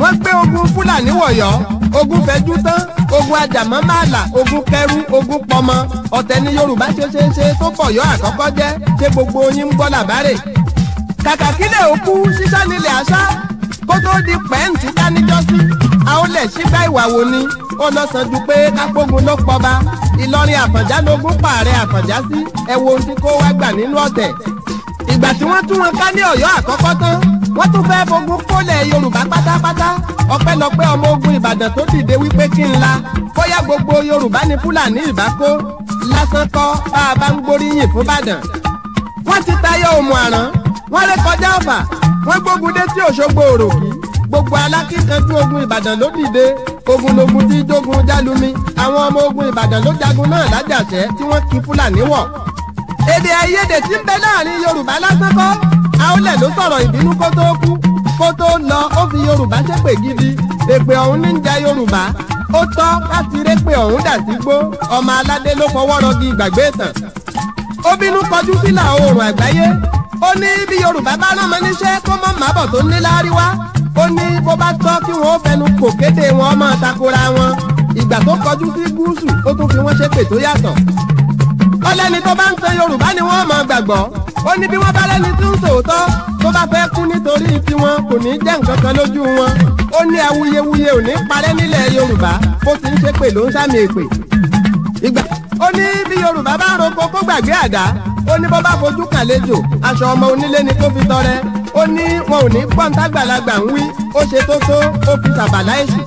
wọ́n pé ogun fúlàní wọ̀yọ́ ogun fẹjú tán ogun ajàmọ́màlà ogun kẹrú ogun pọmọ ọ̀tẹ̀ ni yorùbá ṣe ṣe ṣe tó bọ̀yọ́ àkọ́kọ́ jẹ́ ṣé gbogbo yín ń gbọ́ làbárè. kàkà kílẹ̀ òkú ṣíṣá nílẹ̀ àṣá kó tó di pẹ́ǹtì dánijọ́sí àwọn lẹ̀ ṣígbà ìwà wò ni ó lọ sàn ju pé kápógun ló pọba ìlọrin àfọ̀njá lógún pààrẹ àfọ̀njá sí ẹ wo ohun tí kò wá gbà nínú ọ̀tẹ̀ ìgbà tí wọ́n tún wọn ká ní ọ̀yọ́ àkọ́kọ́ tán wọ́n tún fẹ́ fogun kólẹ̀ yorùbá pátápátá ọpẹ́lọpẹ́ ọmọ ogun ìbàdàn tó dìde wípé kí n la bóyá gbogbo yorùbá ni fúlàní ìbákó lásán kọ́ bá a bá ń gbóríyìn fún ìbàdàn. wọ́n ti tayọ òmù àrán wọ́n ré kọjá ọ̀fà wọ́n gbógun dé sí òṣogbo òròkì gbogbo alákìkanjú ogun ìbàdàn ló dìde ogun logun tí jogun jálumi àwọn ọmọ ogun ìbàdàn ló jagun náà lájàṣẹ tí wọn kí fúlàní wọ̀. èdè àìyedè tí ń bẹ láàrin yorùbá lásán kọ́ Aólẹ̀ ló sọ̀rọ̀ ìbínú kó tó kú kó tó lọ ó fi Yorùbá ṣépè gidi èpè ọ̀hún ní ń jẹ Yorùbá ó tọ́ láti répè ọ̀hún dà sí gbó ọmọ aládé ló fọwọ́ rọgí ìgbàgbé ìtàn ó bínú kọjú sílà oòrùn àgbáyé ó ní bí Yorùbá bá rán ọmọ níṣẹ́ kó mọ́ màbọ̀ tó ní láríwá ó ní bó bá tọ́ kí wọ́n fẹnu kò kéde wọn ọmọ takora wọn ìgbà tó kọjú sí gúúsù ó tún fi wọ́n ṣépè tó yàtọ̀ ó lẹ́ni tó bá ń pe yorùbá ni wọ́n máa gbàgbọ́ ó ní bí wọ́n bá lẹ́ni tí ń sòótọ́ tó bá fẹ́ kú nítorí tiwọn kò ní jẹ́ nǹkan kan lójú wọn ó ní awuyewuye ò ní parẹ́ nílẹ̀ yorùbá bó ti ń ṣe pè ló ń sàmì èpè. ó ní bí yorùbá bá ń roko kó gbàgbé àdá ó ní bó bá fojú kàn lejò aṣọ ọmọ onílé ni tó fi tọrẹ ó ní wọn ò ní gbọ́ntàgbàlagbà ń wí ó ṣe tó tó ó fi sàbàlá èṣù.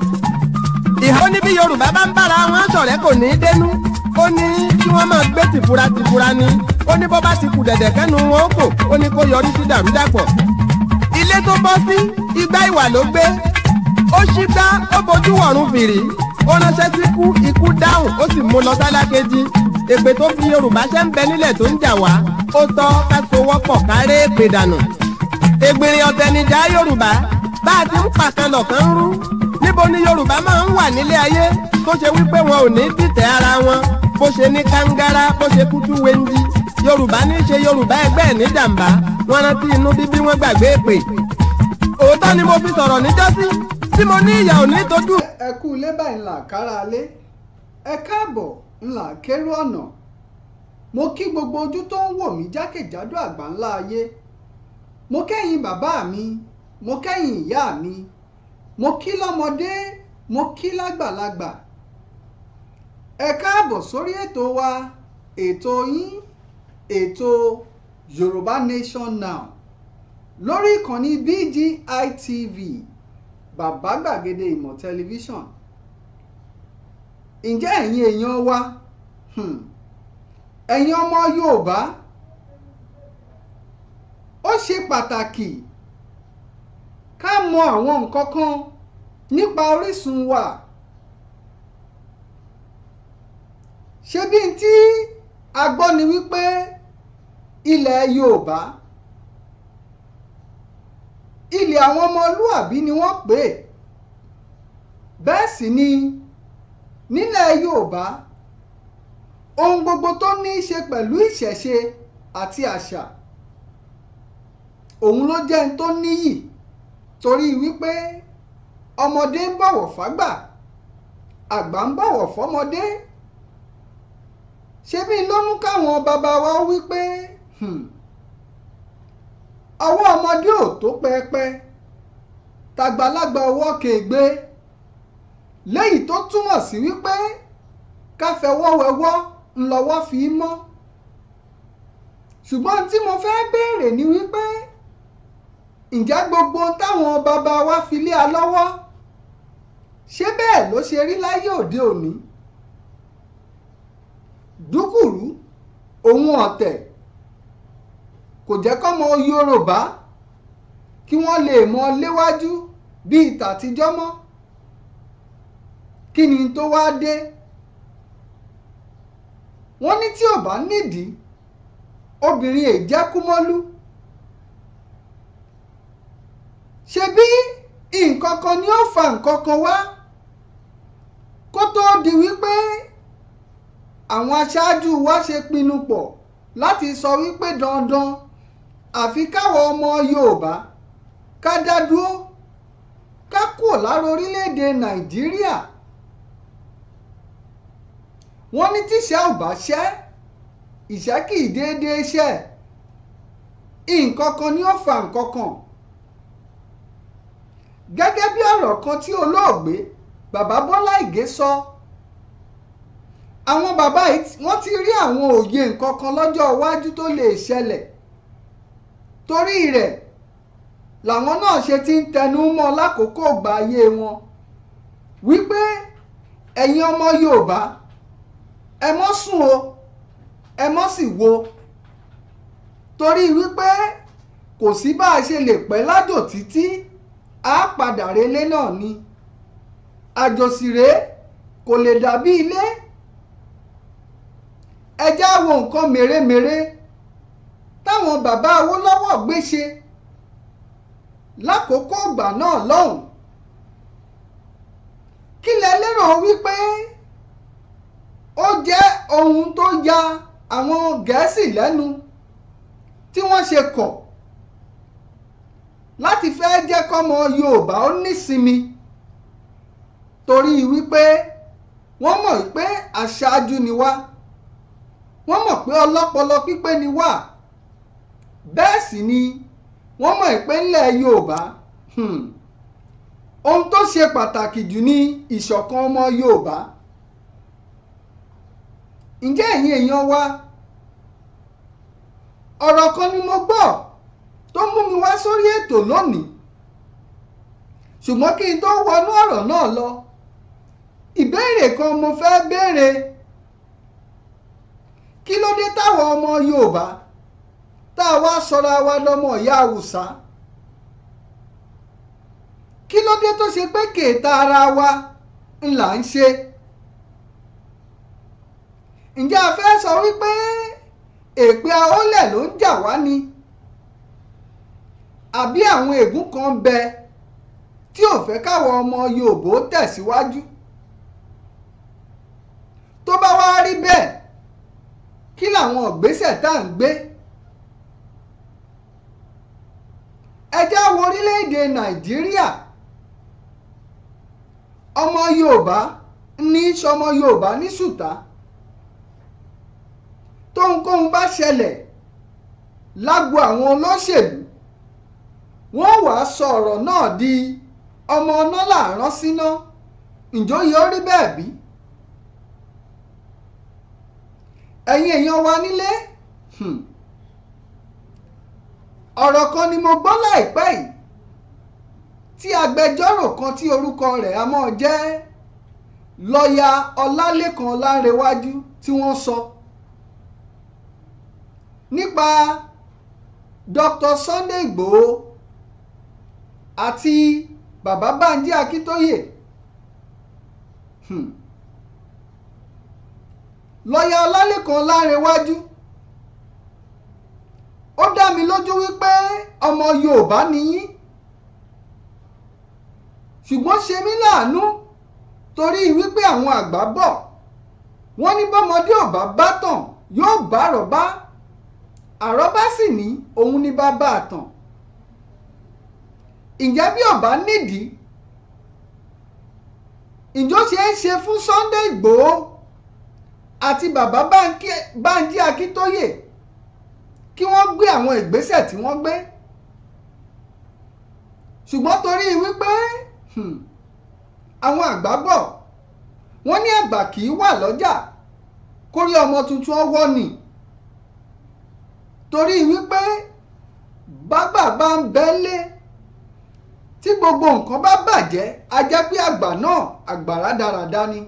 ìhà ó ní bí yorùbá bá ń bára wọn ṣọ̀rẹ́ kò ní dénú ó ní kí wọ́n máa gbé tìfura tìfura ni ó ní bọ́ bá ti kù dẹ̀dẹ̀ kẹ́nu wọn ó kò ó ní kó yọrí sí dàrúdàpọ̀. ilé tó bọ́ sí igbá ìwà ló gbé ó ṣí gbá ó bojú wọ̀run fìrí ó ránṣẹ́ sí kú ikú dáhùn ó sì mú lọ sálákejì èpè tó fi yorùbá ṣẹ́ ń bẹ nílẹ̀ tó ń jà wá ó tọ́ ká sowọ́pọ̀ káré èpè dànù. ègbìnrin ọ̀tẹ̀nìjà yorùbá bá a ti ń pàkan lọ̀kan ń rú níbo ni yorùbá máa ń wà nílé ayé tó ṣe wípé wọn ò ní dìtẹ̀ ara wọn bó ṣe ní kàńgárá bó ṣe kútú wenji yorùbá ní í ṣe yorùbá ẹgbẹ́ ẹ̀ ní jàǹbá wọn rántí inú bíbí wọn gbàgbé èpè òótọ́ ni mo fi sọ̀rọ̀ níjọ́sí tí mo ní ìyà òní tójú. ẹ kú ilé báyìí ńlá kára alé ẹ káàbọ̀ ńlá kérú ọ̀nà mo kí gbogbo ojú tó ń wò mí jákèjádò àgbà ńlá ayé mo kẹ́yìn bàbá mi mo kẹ́yìn ìyá mi mo kí lọ́mọdé mo kí lágbàlagbà. La ẹ káàbọ̀ sórí ètò wa ètò yín ètò Yorùbá Nation Now lórí ìkànnì BGI TV bàbá gbàgede ìmọ̀ tẹlifíṣàn ǹjẹ́ ẹ̀yin èèyàn wa hmm, ẹ̀yin ọmọ Yorùbá ó ṣe pàtàkì ká mọ àwọn nǹkan kan nípa orísun wa. ṣé bí n tí a gbọ́ ni wípé ilẹ̀ Yorùbá ilẹ̀ àwọn ọmọlúàbí ni wọ́n pè é bẹ́ẹ̀ sì ni nílẹ̀ Yorùbá ohun gbogbo tó ní í ṣe pẹ̀lú ìṣẹ̀ṣe àti àṣà òun ló jẹ́ n tó níyì torí wípé ọmọdé ń bọ̀wọ̀ fágbà àgbà ń bọ̀wọ̀ fọmọdé ṣebí ló mú káwọn bàbá wa wí pé hmm, ọwọ́ ọmọdé ò tó pẹpẹ tàgbàlagbà ọwọ́ kègbé léyìí tó túmọ̀ sí wípé káfẹwọ́wẹ́wọ́ ńlọ́wọ́ fi mọ́ ṣùgbọ́n tí mo fẹ́ béèrè ni wípé ǹjẹ́ gbogbo táwọn bàbá wa fi lé a lọ́wọ́ ṣé bẹ́ẹ̀ ló ṣe rí láyé òde òní? dúkùrú òun ọ̀tẹ̀ kò jẹ́ kọ́mọ Yorùbá kí wọ́n lè mọ léwájú bíi tàtijọ́ mọ́ kí ni tó wáá dé wọ́n ní tí ò bá nídìí obìnrin èjẹ́ kúmọ́lú ṣebí nǹkan kan ni ó fa nǹkan kan wá kó tóó di wípé àwọn aṣáájú wa ṣe pinnu pọ̀ láti sọ wípé dandan àfi káwọn ọmọ Yorùbá ká dá dúró ká kúrò lára orílẹ̀-èdè Nàìjíríà wọ́n ní tíṣẹ́ ò bá ṣẹ́ ìṣẹ́ kì í déédéé ṣẹ́ nǹkan ni ó fa nǹkan gẹ́gẹ́ bí ọ̀rọ̀ kan tí olóògbé bàbá Bọ́lá Ìgè sọ. So, àwọn bàbá yìí wọ́n ti rí àwọn òye nǹkan kan lọ́jọ́ iwájú tó lè ṣẹlẹ̀ torí rẹ̀ làwọn náà ṣe ti ń tẹnu mọ́ lákòókò ìgbà ayé wọn wípé ẹ̀yin ọmọ Yorùbá ẹ mọ́ sùn o ẹ mọ́ sì wo torí wípé kò sí bá a ṣe lè pẹ́ lájò títí a padà relé náà ni àjòsí rèé kò lè dàbí ilé ẹ já wo nǹkan mèremère táwọn bàbá Awólọ́wọ̀ gbé ṣe lákòókò ìgbà náà lọ́hùn kí lẹ lérò wípé ó jẹ́ ohun tó ya àwọn Gẹ̀ẹ́sì lẹ́nu tí wọ́n ṣe kọ̀ láti fẹ́ jẹ́ kọ́mọ Yorùbá ó nísinmi torí wípé wọ́n mọ̀ pé aṣáájú ni wá wọ́n mọ̀ pé ọlọ́pọlọ pípé ni wá bẹ́ẹ̀ sì ni wọ́n mọ̀ pé ńlẹ̀ Yorùbá hmm, ohun tó ṣe pàtàkì jù ní ìṣọ̀kan ọmọ Yorùbá ǹjẹ́ ẹ̀yin èèyàn wa ọ̀rọ̀ kan ni mo gbọ́ tó mú mi wá sórí ètò lónìí ṣùgbọ́n kí n tó wọnú ọ̀rọ̀ náà lọ ìbéèrè kan mo fẹ́ béèrè. kí ló dé táwọn ọmọ Yorùbá tá a wá sọra wa lọ́mọ ìyá Haúsá kí ló dé tó ṣe pé kèéta ara wa ńlá ń ṣe ǹjẹ́ a fẹ́ sọ wípé èpè ahólẹ̀ ló ń jà wá ni àbí àwọn ègún kan bẹ tí ò fẹ́ káwọn ọmọ Yorùbá tẹ̀síwájú tó bá wá rí bẹ́ẹ̀ kí làwọn ìgbésẹ̀ tá à ń gbé ẹjọ́ wo orílẹ̀-èdè nàìjíríà ọmọ yorùbá ní sọmọ yorùbá ní sùtá tóhunkóhun bá ṣẹlẹ̀ lágbo àwọn olóṣèlú wọ́n wàá sọ ọ̀rọ̀ náà di ọmọ ọ̀nà làárọ̀ síná ǹjọ́ ó rí bẹ́ẹ̀ bí. ẹ̀yin èèyàn wa nílé hmm. ọ̀rọ̀ kan ni mo gbọ́ láìpẹ́ yìí tí agbẹjọ́rò kan tí orúkọ rẹ̀ a mọ̀ jẹ́ lọ́ọ̀yà ọlálẹ́kan ọlárẹ̀wájú tí wọ́n sọ nípa Dr. Sunday Igbòho àti bàbá Bánjí Akíntóyè. Hmm lọ́ọ̀yà ọlálẹ́kan lárinwájú ó dá mi lójú wípé ọmọ yorùbá ni yín ṣùgbọ́n ṣe mí láàánú torí wípé àwọn àgbà bọ̀ wọ́n ní bọ́mọdé ò bá bá tàn yóò bá àrọ́bá àrọ́bá sì ní òun ní bàbá àtàn ǹjẹ́ bí ọba nídìí ìjọ ṣe é ṣe fún Sunday Ìgbòho àti bàbá Bánjí Akíntóyè kí wọ́n gbé àwọn ìgbésẹ̀ tí wọ́n gbé ṣùgbọ́n torí wípé hmm, àwọn àgbà bọ̀ wọ́n ní àgbà kì í wà lọ́jà kórí ọmọ tuntun ọwọ́ nì torí wípé bàbá bá ń bẹ́lẹ̀ tí gbogbo nǹkan bá bàjẹ́ a jẹ́ àgbà náà àgbà rádaràda ni.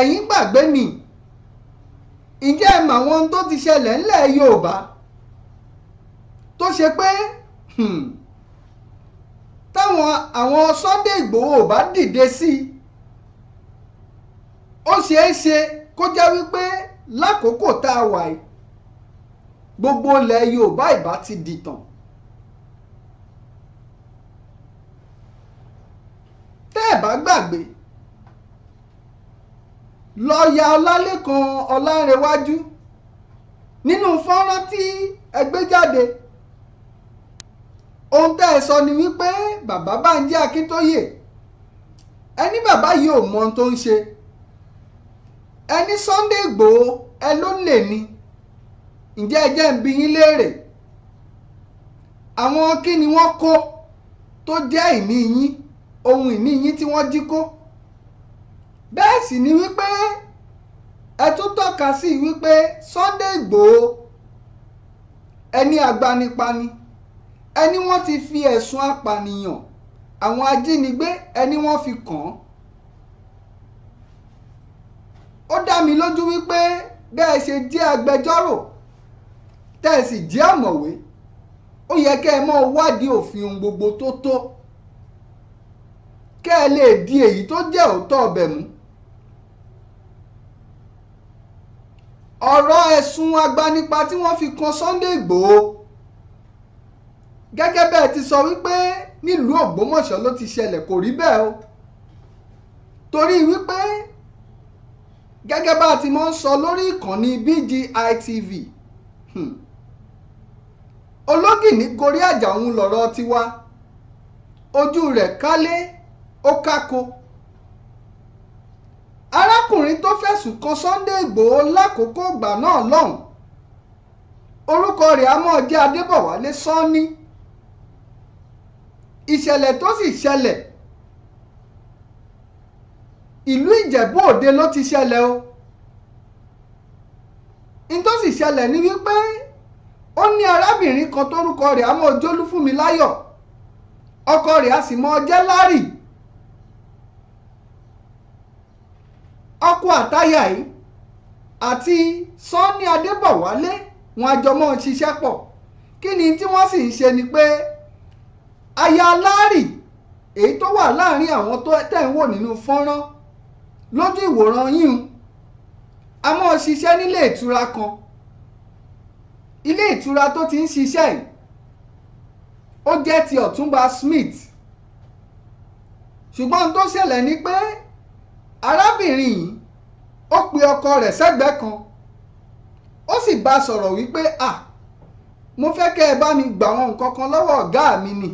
ẹ̀yin gbàgbé ni ǹjẹ́ ẹ mọ̀ àwọn ohun tó ti ṣẹlẹ̀ ńlẹ̀ Yorùbá tó ṣe pé hmm, táwọn àwọn Sunday Ìgbòho bá dìde sí i ó ṣeé ṣe kó jẹ́ wípé lákòókò tá a wà yìí gbogbo ilẹ̀ Yorùbá ìbá ti dìtàn. tẹ́ ẹ̀ bá gbàgbé lọ́ọ̀yà ọlálẹ́kan ọlárẹ̀wájú nínú fọ́nrán tí ẹ gbé jáde ohun tẹ́ ẹ sọ ni wípé bàbá Bánjí Akíntóyè ẹni bàbá yìí ò mọ ohun tó ń ṣe ẹni Sunday Ìgbòho ẹ ló lè ní ǹjẹ́ ẹ jẹ́ ń bi yín léèrè àwọn kí ni wọ́n kó tó jẹ́ ìní yín ohun ìní yín tí wọ́n jí kó bẹ́ẹ̀ sì ni wípé ẹ tún tọ́ka sí wípé Sunday Ìgbòho ẹni agbanipa ni ẹni wọ́n ti fi ẹ̀sùn apànìyàn àwọn ajínigbé ẹni wọ́n fi kàn án ó dá mi lójú wípé bẹ́ẹ̀ ṣe jẹ́ agbẹjọ́rò tẹ́ ẹ sì jẹ́ ọ̀mọ̀wé ó yẹ kẹ́ ẹ mọ́ wádìí òfin ohun gbogbo tó tó kẹ́ ẹ lè di èyí tó jẹ́ òótọ́ ọbẹ̀ mú ọ̀rọ̀ ẹ̀sùn agbanipa tí wọ́n fi kan Sunday Ìgbòho gẹ́gẹ́ bẹ́ẹ̀ ti sọ wípé nílùú Ògbómọ̀ṣọ́ ló ti ṣẹlẹ̀ kò rí bẹ́ẹ̀ o torí wípé gẹ́gẹ́ bá a ti mọ́ ń sọ lórí ìkànnì BGI TV hmm, ológìní gorí àjà òun lọ̀rọ̀ tiwa ojú rẹ̀ kálé ó kákó arákùnrin tó fẹ̀sùn kan Sunday Igbòho lákòókò ìgbà náà lọ́hùn orúkọ rẹ̀ á mọ̀ jẹ́ Adébọ̀wálé Sànnì ìṣẹ̀lẹ̀ tó sì ṣẹlẹ̀ ìlú Ìjẹ̀bú Òde ló ti ṣẹlẹ̀ o n tó sì ṣẹlẹ̀ ni wípé ó ní arábìnrin kan tórúkọ rẹ̀ á mọ̀ jólúfúnmiláyọ̀ ọkọ rẹ̀ á sì mọ̀ jẹ́ Lárì ọkọ àtayà yìí àti Sọ́ni Adébọ̀wálé wọn àjọmọ́ ṣiṣẹ́ pọ̀ kí ni tí wọ́n sì ń ṣe ni pé aya alárì èyí tó wà láàrin àwọn tó tẹ̀ ń wò nínú fọ́nrán lójú ìwòran yín a mọ́ ṣiṣẹ́ nílé ìtura kan ilé ìtura tó ti ń ṣiṣẹ́ yìí ó jẹ́ ti Ọ̀túnba Smith ṣùgbọ́n tó ṣẹlẹ̀ ni pé arábìnrin yìí ó pe ọkọ rẹ̀ sẹ́gbẹ́ kan ó sì bá a sọ̀rọ̀ wípé à mo fẹ́ kẹ́ ẹ bá mi gbà wọn nǹkan kan lọ́wọ́ ọ̀gá mi nì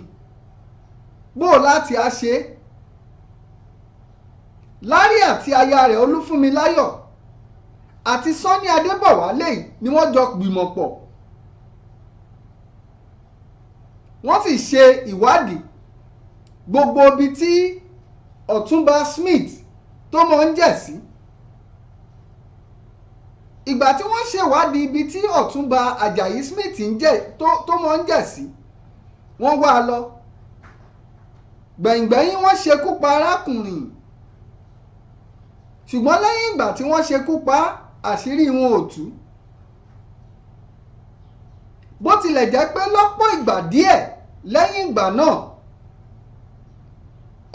bó o láti á ṣe é lárí àti aya rẹ̀ olúfúnmiláyọ̀ àti sọ́ni adébọ̀wálé ni wọ́n jọ gbìmọ̀ pọ̀ wọ́n sì ṣe ìwádìí gbogbo ibi tí ọ̀túnba smith tó mọ̀ ń jẹ̀ sí. ìgbà tí wọ́n ṣèwádìí ibi tí ọ̀túnba Ajayi Smith tó mọ̀ ń jẹ̀ sí wọ́n wá a lọ gbẹ̀yìngbẹ̀yìn wọ́n ṣekú pa arákùnrin ṣùgbọ́n lẹ́yìn ìgbà tí wọ́n ṣekú pa àṣírí wọn ò tú bó tilẹ̀ jẹ́ pé lọ́pọ̀ ìgbà díẹ̀ lẹ́yìn ìgbà náà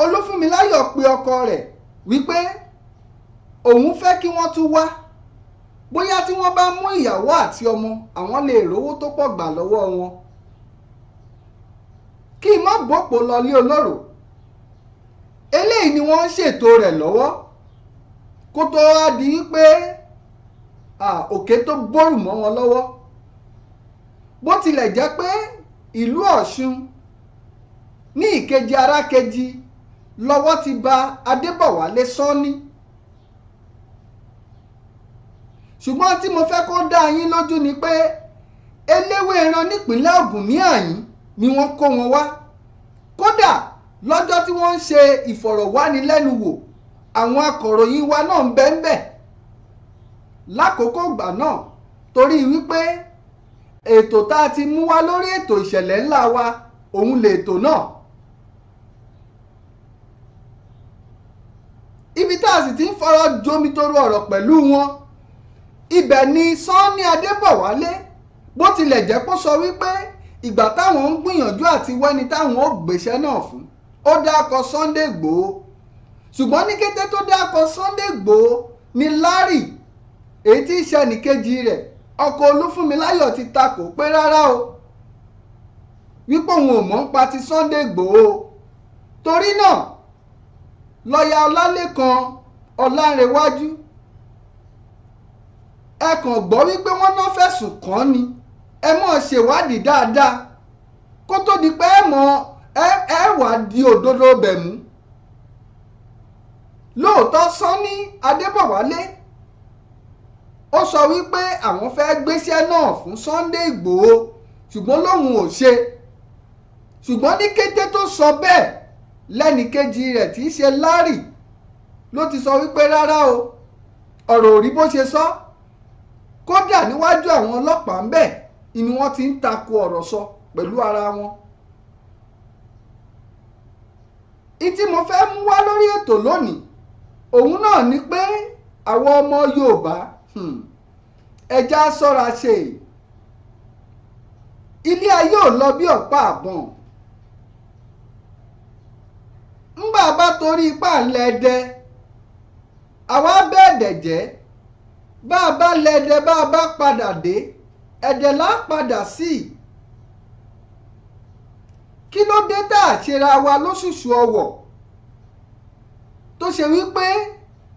Olúfúnmiláyọ̀ pe ọkọ rẹ̀ wípé òun fẹ́ kí wọ́n tún wá bóyá tí wọ́n bá mú ìyàwó àti ọmọ àwọn lè rówó tó pọ̀ gbà lọ́wọ́ wọn kí n má bòpò lọlé olóró eléyìí ni wọ́n ń ṣètò rẹ̀ lọ́wọ́ kó tó wá di pé òkè tó bórù mọ́ wọn lọ́wọ́ bó tilẹ̀ jẹ́ pé ìlú Ọ̀ṣun ní ìkejì arákejì lọ́wọ́ ti ba Adébọ̀wálé Sọ́ọ́nì ṣùgbọ́n tí mo fẹ́ kó dá yín lójú ni pé Eléwéran nípínlẹ̀ Ògùn ní àyín ni wọ́n kó wọn wá kódà lọ́jọ́ tí wọ́n ń ṣe ìfọ̀rọ̀wánilẹ́nuwò àwọn akọ̀ròyìn wa náà ń bẹ ń bẹ̀ lákòókò ìgbà náà torí wípé ètò tá a ti mú wá lórí ètò ìṣẹ̀lẹ̀ ńlá wa òun lètò náà ibi tá a sì ti ń fọ̀rọ̀ jomitoro ọ̀rọ̀ pẹ̀lú wọn ibẹ̀ ni sanni adébọ̀wálé bó tilẹ̀ jẹ́ kó sọ wípé ìgbà táwọn ń gbìyànjú àti wẹ́ni táwọn ó gbéṣẹ́ náà fún ó dákọ Sunday Igboho ṣùgbọ́n ní kété tó dákọ Sunday Igboho ni Larry èyí tí í ṣe ẹnìkejì rẹ̀ ọkọ Olúfúnmiláyọ̀ ti takò pé rárá o wípé òun ò mọ̀ ń pa ti Sunday Igboho torí náà lọ́ọ̀yà ọlálẹ́kan ọlárẹ̀wájú ẹ kàn gbọ́ wípé wọ́n náà fẹ̀sùn kàn ni ẹ mọ̀ ṣèwádìí dáadáa kó tó di pé ẹ mọ̀ ẹ wà di òdodo bẹ̀ mú lóòótọ́ sanni adébọ̀wálé ó sọ wípé àwọn fẹ́ gbéṣẹ́ náà fún Sunday Ìgbòho ṣùgbọ́n lòun ò ṣe ṣùgbọ́n ní kété tó sọ bẹ́ẹ̀ lẹ́nìkejì rẹ̀ tí í ṣe Lárì ló ti sọ wípé rárá o ọ̀rọ̀ ò rí bó ṣe sọ kódà níwájú àwọn ọlọ́pàá ń bẹ̀ ni wọ́n ti ń tako ọ̀rọ̀ sọ pẹ̀lú ara wọn. ìtí mo fẹ́ mú wá lórí ètò lónìí òun náà ni pé àwọn ọmọ Yorùbá hmm, ẹja ṣọ́ra ṣe ilé ayé ò lọ bí ọ̀pá àbọ̀n ńgbà bá torí ipá ńlẹ́dẹ àwa bẹ́ẹ̀dẹ̀ jẹ́ bá a bá lẹ́dẹ bá a bá padà dé ẹ̀dẹ̀ là á padà sí i kí ló dé tá a ṣera wa lóṣùṣù ọwọ̀ tó ṣe wípé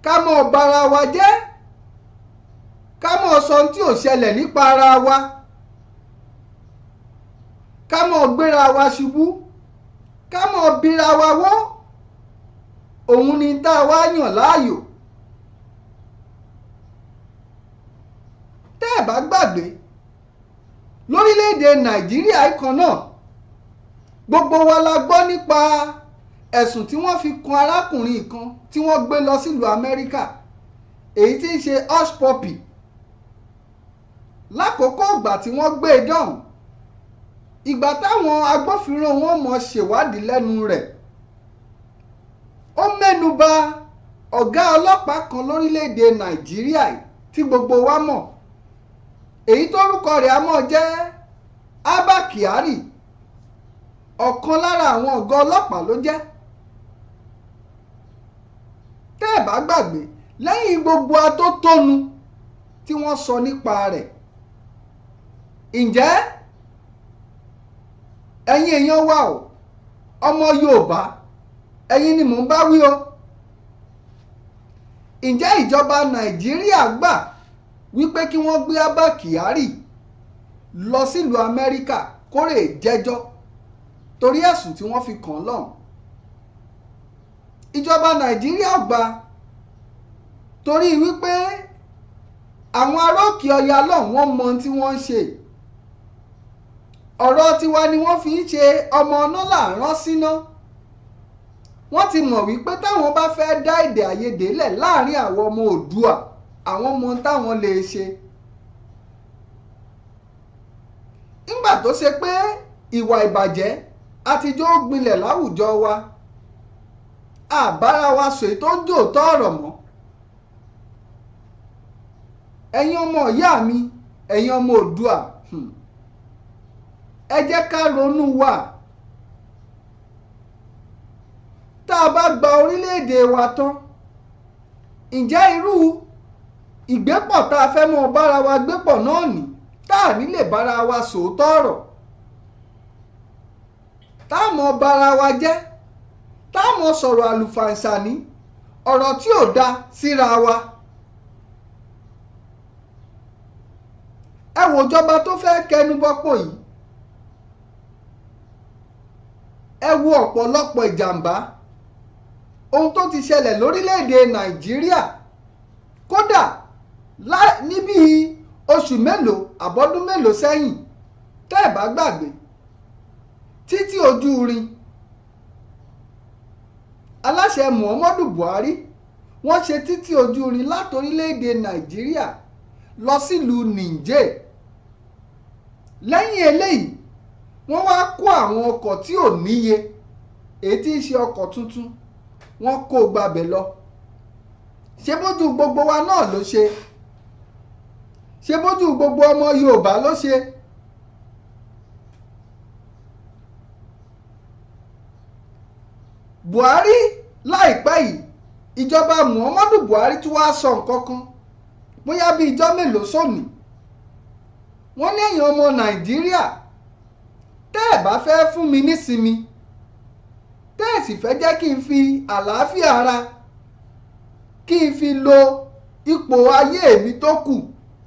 ká mọ̀ bara wa jẹ́ ká mọ̀ sọ ohun tí ò ṣẹlẹ̀ nípa ara wa ká mọ̀ gbéra wa ṣubú ká mọ̀ bira wa wọ́ òun ni tá a wá yàn láàyò tẹ́ ẹ̀ bá gbàgbé lórílẹ̀‐èdè nàìjíríà kan náà gbogbo wa la gbọ́ nípa ẹ̀sùn tí wọ́n fi kan arákùnrin kan tí wọ́n gbé lọ sílùú amẹ́ríkà èyí tí ń ṣe hush puppy lákòókò ìgbà tí wọ́n gbé e dọ̀hún ìgbà táwọn agbófinró wọn mọ̀ ṣèwádìí lẹ́nu rẹ̀ ó mẹ́nuba ọ̀gá ọlọ́pàá kan lórílẹ̀‐èdè nàìjíríà tí gbogbo wa mọ̀ èyí tórúkọ rẹ̀ á mọ̀ jẹ́ Abba Kyari ọ̀kan lára àwọn ọ̀gá ọlọ́pàá ló jẹ́ tẹ́ ẹ̀ bá gbàgbé lẹ́yìn gbogbo atótónu tí wọ́n sọ nípa rẹ̀ ǹjẹ́ ẹ̀yin èèyàn wa o ọmọ Yorùbá ẹ̀yin ni mò ń bá wí o ǹjẹ́ ìjọba nàìjíríà gbà wípé kí wọ́n gbé Abba Kyari lọ sílùú amẹ́ríkà kórè jẹ́jọ́ torí ẹ̀sùn tí wọ́n fi kàn án lọ́hùn ìjọba nàìjíríà gbà torí wípé àwọn aróòkè ọya lọ́hùn wọ́n mọ tí wọ́n ń ṣe ọ̀rọ̀ tiwa ni wọ́n fi ń ṣe ọmọ ọ̀nà là síná. Si wọ́n ti mọ̀ wípé táwọn bá fẹ́ dá èdè àìyedè lẹ̀ láàrin àwọn ọmọ Oòduà àwọn mọ táwọn lè ṣe. nígbà tó ṣe pé ìwà ìbàjẹ́ àtijọ́ ó gbilẹ̀ láwùjọ wa àbára wa sòyí tó ń jòótọ́ ọ̀rọ̀ mọ́. ẹ̀yin ọmọ ìyá mi ẹ̀yin ọmọ Oòduà hmm, ẹ jẹ́ ká ronú wa. tá a bá gba orílẹ̀-èdè wa tán ǹjẹ́ irú ìgbépọ̀ tá a fẹ́ mọ bára wa gbépọ̀ náà nì tá a ní bára wa sòótọ́ ọ̀rọ̀ tá a mọ bára wa jẹ́ tá a mọ sọ̀rọ̀ àlùfàǹsàní ọ̀rọ̀ tí ò da síra wa. ẹ wò ìjọba tó fẹ́ kẹnubọ́pọ̀ yìí ẹ wo ọ̀pọ̀lọpọ̀ ìjàmbá. E ohun tó ti ṣẹlẹ̀ lórílẹ̀‐èdè nàìjíríà kódà níbi oṣù mélòó àbọ́dún mélòó sẹ́yìn tẹ́ ẹ̀ bá gbàgbé títí ojú rin aláṣẹ muhammadu buhari wọ́n ṣe títí ojú rin látorílẹ̀‐èdè nàìjíríà lọ sílùú níjẹ̀ lẹ́yìn eléyìí wọ́n wá kó àwọn ọkọ̀ tí ò níye èyí tí í ṣe ọkọ̀ tuntun wọ́n kó gbabẹ̀ lọ ṣé bójú gbogbo wa náà ló ṣe ṣé bójú gbogbo ọmọ Yorùbá ló ṣe. Buhari láìpẹ́ yìí ìjọba Muhammadu Buhari tí wàá sọ nǹkan kan bóyá bíi ijọ́ mélòó sóní wọ́n ní ẹ̀yin ọmọ Nàìjíríà tẹ́ ẹ̀ bá fẹ́ fún mi nísinmi sì fẹ́ jẹ́ kí n fi àlàáfíà ara kí n fi lo ipò ayé mi tó kù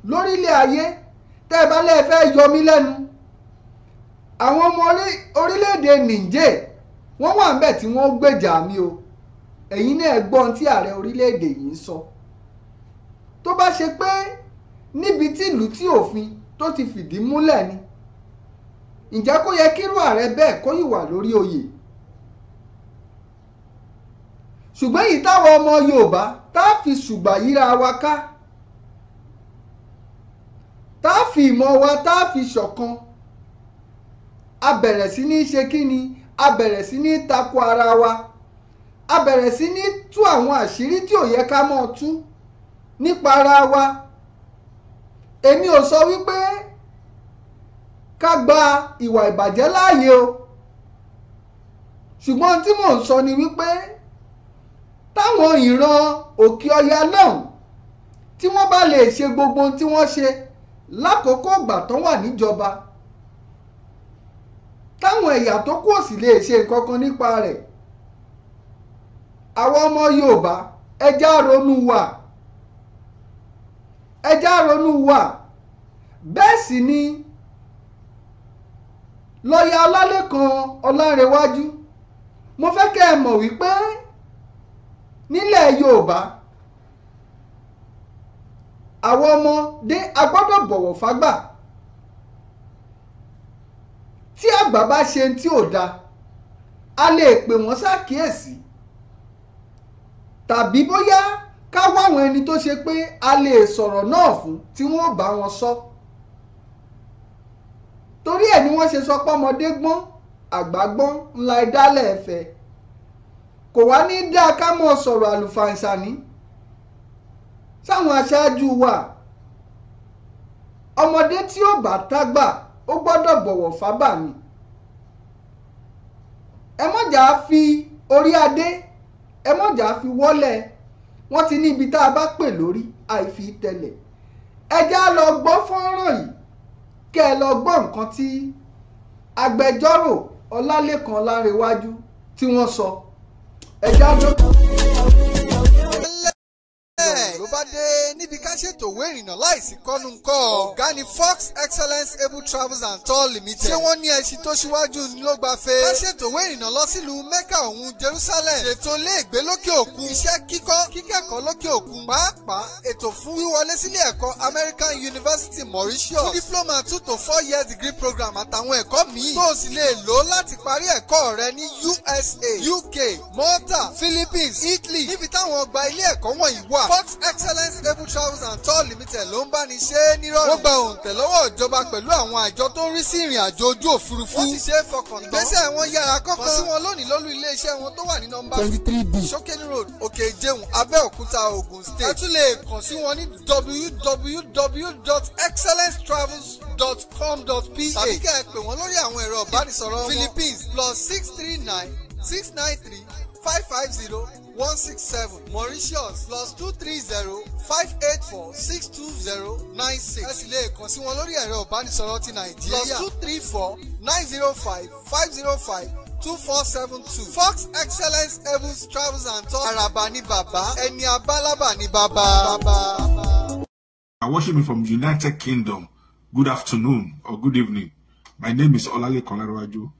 lórílẹ̀ ayé tẹ́ ẹ bá lẹ́ẹ̀ fẹ́ yọ mí lẹ́nu àwọn ọmọ orílẹ̀-èdè Niger wọ́n wà níbẹ̀ tí wọ́n gbèjà mi o ẹ̀yin náà gbọ́n tí ààrẹ orílẹ̀-èdè yìí ń sọ tó bá ṣe pé níbi tí ìlú tí òfin tó ti fìdí múlẹ̀ ni ǹjẹ́ kó yẹ kírú ààrẹ bẹ́ẹ̀ kó ìwà lórí oyè ṣùgbọ́n èyí táwọn ọmọ Yorùbá tá a fi ṣùgbà yíra wa ká tá a fi ìmọ̀ wa tá a fi ṣọ̀kan a bẹ̀rẹ̀ sí ní ṣe kí ni a bẹ̀rẹ̀ sí ní tako ara wa a bẹ̀rẹ̀ sí ní tú àwọn àṣírí tí ò yẹ ká mọ́ tú nípa ara wa èmi ò sọ wípé ká gba ìwà ìbàjẹ́ láàyè o ṣùgbọ́n tí mò ń sọ ni wípé táwọn ìran òkè ọya náà tí wọ́n bá lè ṣe gbogbo ohun tí wọ́n ṣe lákòókò ìgbà tán wà níjọba táwọn ẹ̀yà tó kù sì lè ṣe nǹkan kan nípa rẹ̀ àwọn ọmọ Yorùbá ẹjá ronú wà ẹjá ronú wà bẹ́ẹ̀ sì ni lọ́ọ̀yà Ọlálékan Ọlárẹ̀wájú mo fẹ́ kẹ́ ẹ mọ̀ wípé nílẹ̀ Yorùbá àwọn ọmọdé a gbọ́dọ̀ bọ̀wọ̀ fágbà tí àgbà bá ṣe tí ò da a lè pè wọ́n ṣàkíyèsí tàbí bóyá ká wá àwọn ẹni tó ṣe pé a lè sọ̀rọ̀ náà fún tí wọ́n bá wọn sọ torí ẹ̀ ni wọ́n ṣe sọ pé ọmọdé gbọ́n àgbà gbọ́n ńlá ẹ̀dálẹ̀ ẹ̀fẹ̀ẹ́ kò wá ní dá ká mọ̀ sọ̀rọ̀ àlùfàǹsàní sáwọn aṣáájú wa ọmọdé tí ó bá tágbà ó gbọ́dọ̀ bọ̀wọ̀ fábà ni ẹ mọ̀jà fi orí adé ẹ mọ̀jà fi wọ́lẹ̀ wọ́n ti ní ibi tá a bá pè lórí àìfi tẹ̀lẹ̀ ẹ já lọ gbọ́ fọ́nrán yìí kẹ́ ẹ lọ gbọ́ nǹkan tí agbẹjọ́rò ọlálẹ́kan lárẹ̀wájú tí wọ́n sọ. So Hey, y'all tòwé ìrìnnà láìsí kọ́nùkọ́. ọ̀gá ni Fox Excellence Able Travels and Tour Limited. ṣé wọ́n ní ẹṣin tó ṣíwájú ni ló gba fe. wọ́n ṣètò ìwé ìrìnnà lọ sílùú Mecca òun Jerusalem. ṣètò léègbé lókè òkun. iṣẹ́ kíkọ́ kíkẹ́kọ̀ọ́ lókè òkun. pàápàá ètò fún wíwọlé sílé ẹ̀kọ́ American University Mauritius. fún diploma two to four year degree program àtàwọn ẹ̀kọ́ míì. tó o sì lè lò ó láti parí ẹ̀kọ́ rẹ ní USA UK Malta Philippines Italy níbi táwọn ọgbà ilé ẹ̀kọ́ wọ̀nyí wà. Fox Excellence Able Travels and Tour Sol Limited ló ń bá ní ṣe é nírọ̀rùn. wọ́n gba òǹtẹ̀ lọ́wọ́ ìjọba pẹ̀lú àwọn àjọ tó ń rí sí ìrìn àjò ojú òfurufú. wọ́n ti ṣe é fọkàn tán. ìgbésẹ̀ wọn yára kọ́kọ́. kàn wọn lónìí lólú iléeṣẹ́ wọn tó wà ní nọ́mbà. twenty three b Sokeni Road Òkè Ìjẹun Abẹ́òkúta Ogun State. ẹ tún lè kàn sí wọn ní www.excellencetravels.com.pa tàbí kẹ́ ẹ Philippines plus six three nine six nine three five five zero one six seven Mauritius plus two three zero five eight four six two zero nine six. ẹ sì lè kàn sí wọn lórí ẹ̀rọ ìbánisọ̀rọ̀ ti Nàìjíríà plus two three four nine zero five five zero five two four seven two Fox Excellence evans travels and tours araba ni baba ẹni abálábà ni baba. I watching me from United Kingdom. Good afternoon or good evening. My name is Olale Kolarwaju.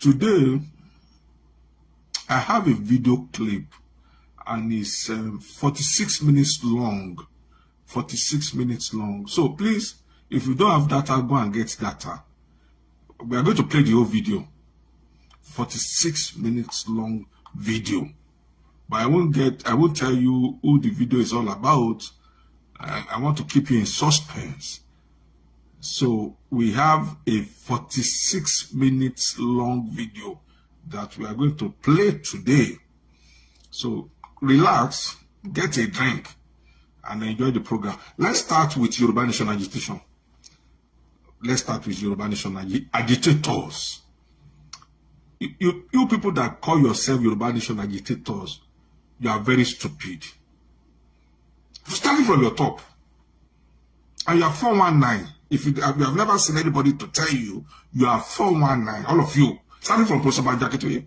Today, I have a video clip and it's um, 46 minutes long. 46 minutes long. So please, if you don't have data, go and get data. We are going to play the whole video. 46 minutes long video. But I won't get, I won't tell you who the video is all about. I, I want to keep you in suspense. So we have a 46 minutes long video that we are going to play today. So relax, get a drink, and enjoy the program. Let's start with Yoruba Nation agitation. Let's start with Yoruba Nation ag agitators. You, you, you people that call yourself Yoruba Nation agitators, you are very stupid. Starting from your top, and you are 419. If you, you have never seen anybody to tell you, you are 419, all of you. starting from Professor Banjakitoye.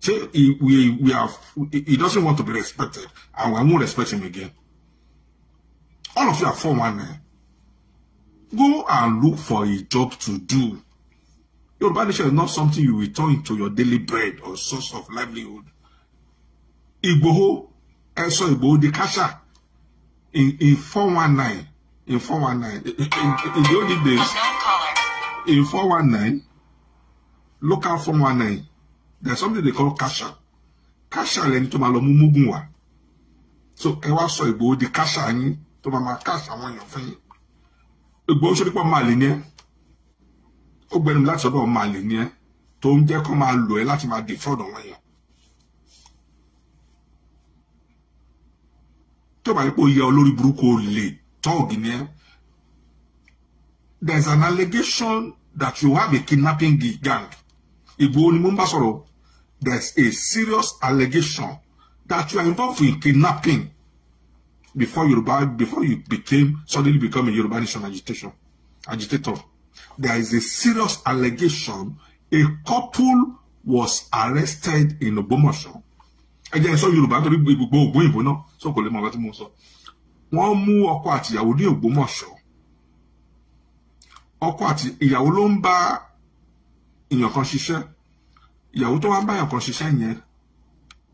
Say he, we, we have, he doesn't want to be respected, and we won't respect him again. All of you are four one 419. Eh? Go and look for a job to do. Your Nation is not something you return to your daily bread or source of livelihood. Igboho, Eso Igboho, the Kasha, in, in nine, in four one nine, in the old days, in four one nine local form one nine there's something they call kasha kasha lẹni tó máa lọ mú mógùn wá so ẹ wá sọ Ìgbòho di kasha yín tó máa máa kasha àwọn èèyàn fún yín Ìgbòho sórí pọ̀ máa lè ní ẹ ó gbẹnu láti ọ̀dọ̀ máa lè ní ẹ tó ń jẹ́ kó máa lò ẹ́ láti máa defraud àwọn èèyàn. tó bá yẹ kó yẹ olórí burúkú lè tọ́ọ̀gì ni ẹ́ there is an allegation that you have a kidnapping gang Igboho ni mo ń bá sọ̀rọ̀ there is a serious allegation that you are involved in kidnapping before Yoruba before you became suddenly become a Yoruba nation agitation agitator there is a serious allegation a couple was arrested in Ogbomoso ẹ jẹ́ sọ Yorùbá torí gbogbo ògùn ìbò náà sọ kò lè mọ ọ̀gá tí mo sọ wọ́n mú ọkọ àti ìyàwó ní Ògbómọ̀ṣọ́ ọkọ àti ìyàwó ló ń bá èèyàn kan ṣiṣẹ́ ìyàwó tó wá bá èèyàn kan ṣiṣẹ́ yẹn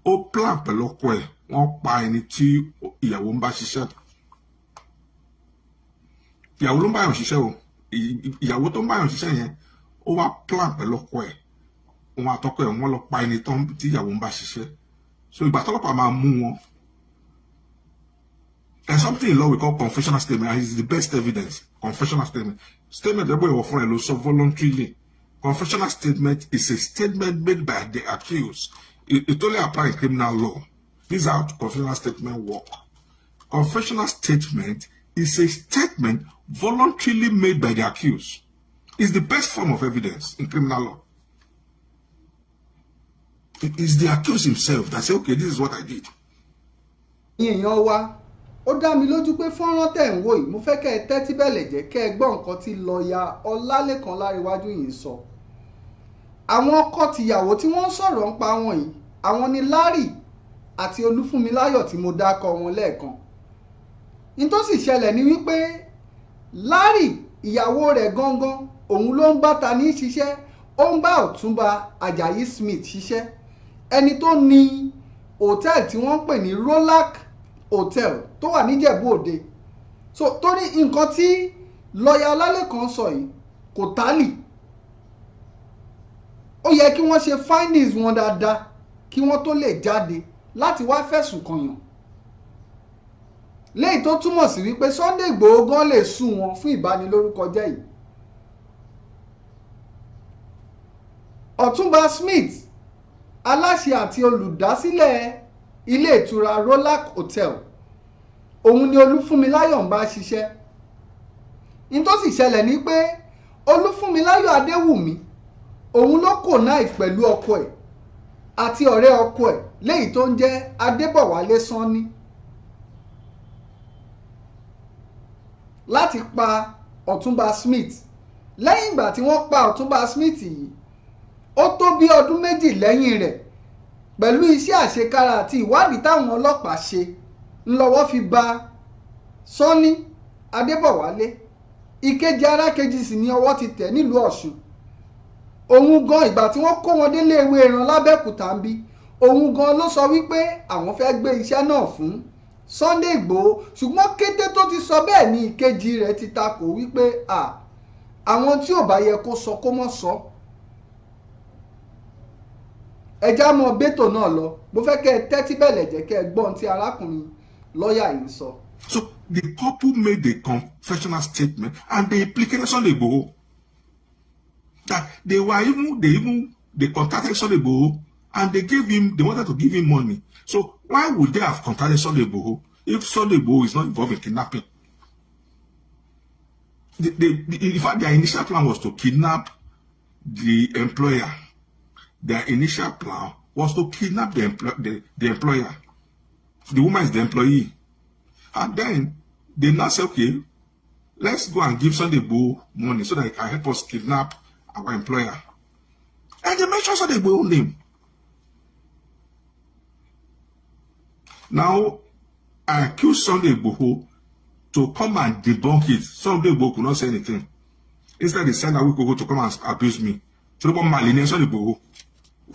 ó plan pẹ̀lú ọkọ ẹ̀ wọ́n pa ẹni tí ìyàwó ń bá ṣiṣẹ́ ìyàwó ló ń bá èèyàn ṣiṣẹ́ o ìyàwó tó ń bá èèyàn ṣiṣẹ́ yẹn ó wá plan pẹ̀lú ọkọ ẹ̀ wọn àtọkọ ẹ̀ wọ́n lọ pa ẹni tí ìyàwó ń bá ṣiṣẹ́ so ìgbà tọ́lọ́pàá máa mú wọn There's something in law we call confessional statement, and it's the best evidence. Confessional statement. Statement that boy will follow so voluntarily. Confessional statement is a statement made by the accused. It, it only applies in criminal law. This is how confessional statement work. Confessional statement is a statement voluntarily made by the accused. It's the best form of evidence in criminal law. It is the accused himself that say, okay, this is what I did. èèyàn wa ó dá mi lójú pé fọ́nrán tẹ̀ ń wò yìí mo fẹ́ kẹ́ ẹ tẹ́tí bẹ̀lẹ̀ jẹ́ kẹ́ ẹ gbọ́ nǹkan tí lọ́ọ̀yà So àwọn ọkọ tìyàwó tí wọ́n ń sọ̀rọ̀ ń pa wọn yìí àwọn ni Larry àti Olúfúnmiláyọ̀ tí mo dákọ wọn lẹ́ẹ̀kan ní tó sì ṣẹlẹ̀ ni wípé Larry ìyàwó rẹ̀ gangan òun ló ń bá ta ní ṣiṣẹ́ ó ń bá Ọ̀túnba Ajayi Smith ṣiṣẹ́ ẹni tó ni hòtẹ́ẹ̀lì tí wọ́n ń pè ní Rolac Hotel tó wà níjẹ̀bú Òde so torí nǹkan tí lọ́ọ̀yà Ọlálékan sọ yìí kò tálì ó yẹ kí wọ́n ṣe findings wọn dáadáa kí wọ́n tó lè jáde láti wá fẹ̀sùn kànyàn léyìí tó túmọ̀ sí wípé Sunday Ìgbòho gan lè sùn wọn fún ìbanilórúkọjẹ́ yìí Ọ̀túnba Smith aláṣẹ àti olùdásílẹ̀ ilé ìtura Rolac Hotel òun ni Olúfúnmiláyọ̀ ń bá ṣiṣẹ́ ní tó sì ṣẹlẹ̀ ni pé Olúfúnmiláyọ̀ Adéwùmí òun ló kò náà pẹ̀lú ọkọ ẹ̀ àti ọ̀rẹ́ ọkọ ẹ̀ léyìí tó ń jẹ́ adébọ̀wálé sanni láti pa ọ̀túnba smith lẹ́yìn ìgbà tí wọ́n pa ọ̀túnba smith yìí ó tó bí ọdún méjì lẹ́yìn rẹ̀ pẹ̀lú iṣẹ́ àṣekára àti ìwádìí táwọn ọlọ́pàá ṣe ńlọ́wọ́ fi ba sanni adébọ̀wálé ìkejì arákejì sì ni ọwọ́ ti tẹ̀ nílùú ọ̀ṣun òun gan ìgbà tí wọ́n kó wọn délé ewé ẹran lábẹ́kúta ń bí òun gan ló sọ wípé àwọn fẹ́ gbé iṣẹ́ náà fún Sunday Igboho ṣùgbọ́n kété tó ti sọ bẹ́ẹ̀ ni ìkejì rẹ̀ ti takò wípé àwọn tí ò bá yẹ kó sọ kó mọ̀ sọ ẹjá mọ bẹ́tò náà lọ mo fẹ́ kẹ́ ẹ tẹ́tí bẹ̀lẹ̀ jẹ́ kẹ́ ẹ gbọ́n tí arákùnrin lọ́ọ̀yà yìí sọ. So the couple made a confessional statement and they implicated Sunday Igboho that they were even they even they contacted Solebo and they gave him they wanted to give him money. So why would they have contacted Solebo if Solebo is not involved in kidnapping? They, they, in fact, their initial plan was to kidnap the employer. Their initial plan was to kidnap the, empl the, the employer. The woman is the employee. And then they now say, okay, let's go and give Sunday Bo money so that he can help us kidnap our employer. And they mention so they will name. Now, I accuse Sunday boho to come and debunk it. Sunday boho could not say anything. Instead, they send a week Awikogo to come and abuse me. So they màlì ni Sunday Igboho.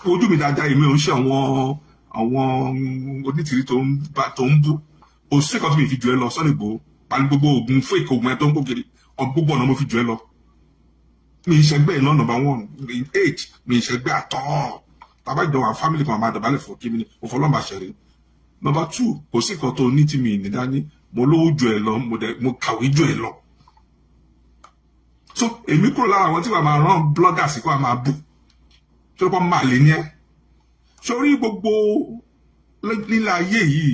Ojú mi dáadáa èmi ò ń ṣe àwọn àwọn onítìrí tó ń bá tó ń bú. Òṣìṣẹ́ kan tó mi fi jù ẹ lọ Sunday Igboho. Pàlú gbogbo oògùn fún èkó oògùn ẹ tó ń kó kiri. Ọ̀gbọ́gbọ̀n náà mo fi jù ẹ lọ mi ìṣẹ́gbẹ́ iná number one mi eight mi ìṣẹ́gbẹ́ àtọ́ tàbá ìjọba family kan máa dọ̀bálẹ̀ fún for mi ni mo fọlọ́mà ṣẹ̀rí number two kò sí nǹkan tó ní tí mi ní dání mo lówó ju ẹ lọ mo kàwé ju ẹ lọ so èmi kúrò lára àwọn tí wàá máa rán bloggers kó wàá máa bù tí wọ́n máa lè ní ẹ́ sórí gbogbo nílẹ̀ ayé yìí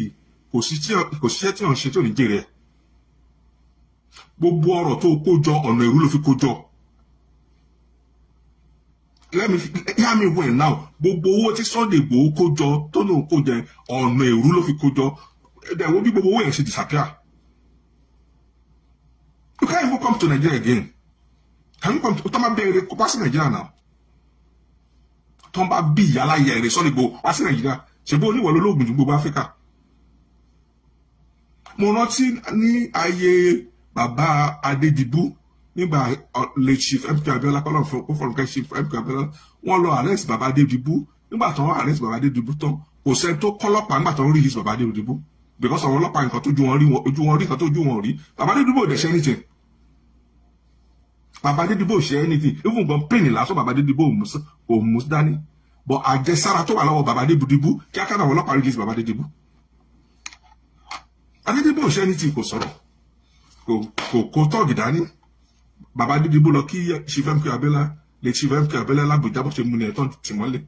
kò sí iṣẹ́ tí wọ́n ń ṣe on ò ní jèrè ẹ̀ gbogbo ọ̀rọ̀ tó kó jọ ọ̀nà ìrú fi kó let me hear me well now gbogbo owó tí Sunday Igboho kó jọ tó lóun kó jẹ ọ̀nà èrú ló fi kó jọ ẹ̀dẹ̀ wo bí gbogbo owó yẹn ṣe disappear you can't even come to Nigeria again can you come to tọ́ba bẹ̀rẹ̀ kó sí Nigeria now tọ́ba bí ìyá aláya Sunday Igboho wá sí Nigeria ṣègbè oníwọ̀ lolóògùn ju gbogbo Africa mo rántí ní ayé bàbá Adédìbú nígbà uh, late chief mp abiola kọlọ fún fọlùkẹ chief mp abiola wọn lọ arrest baba adédìbú nígbà tó wọn arrest baba adédìbú tán kò sẹ́ni tó kọ́lọ́pàá nígbà tó ń release baba Dubu. because àwọn ọlọ́pàá nǹkan tójú wọn rí ojú wọn rí nǹkan tójú wọn rí baba adédìbú ò dẹ̀ ṣe anything baba Dubu ò ṣe anything even gan pain lásán baba Dubu ò mú dání but àjẹsára tó wà lọ́wọ́ baba adédìbú kíákíá àwọn ọlọ́pàá release baba adédìbú Dubu ò ṣe anything kò sọ̀rọ̀ kò kò tọ́ọ̀gì dání bàbá dídìbò lọ kí Chivamke Abẹ́lá lè Chivamke Abẹ́lá lábùjá bó ṣe mú nìyẹn tán ti mọ́lé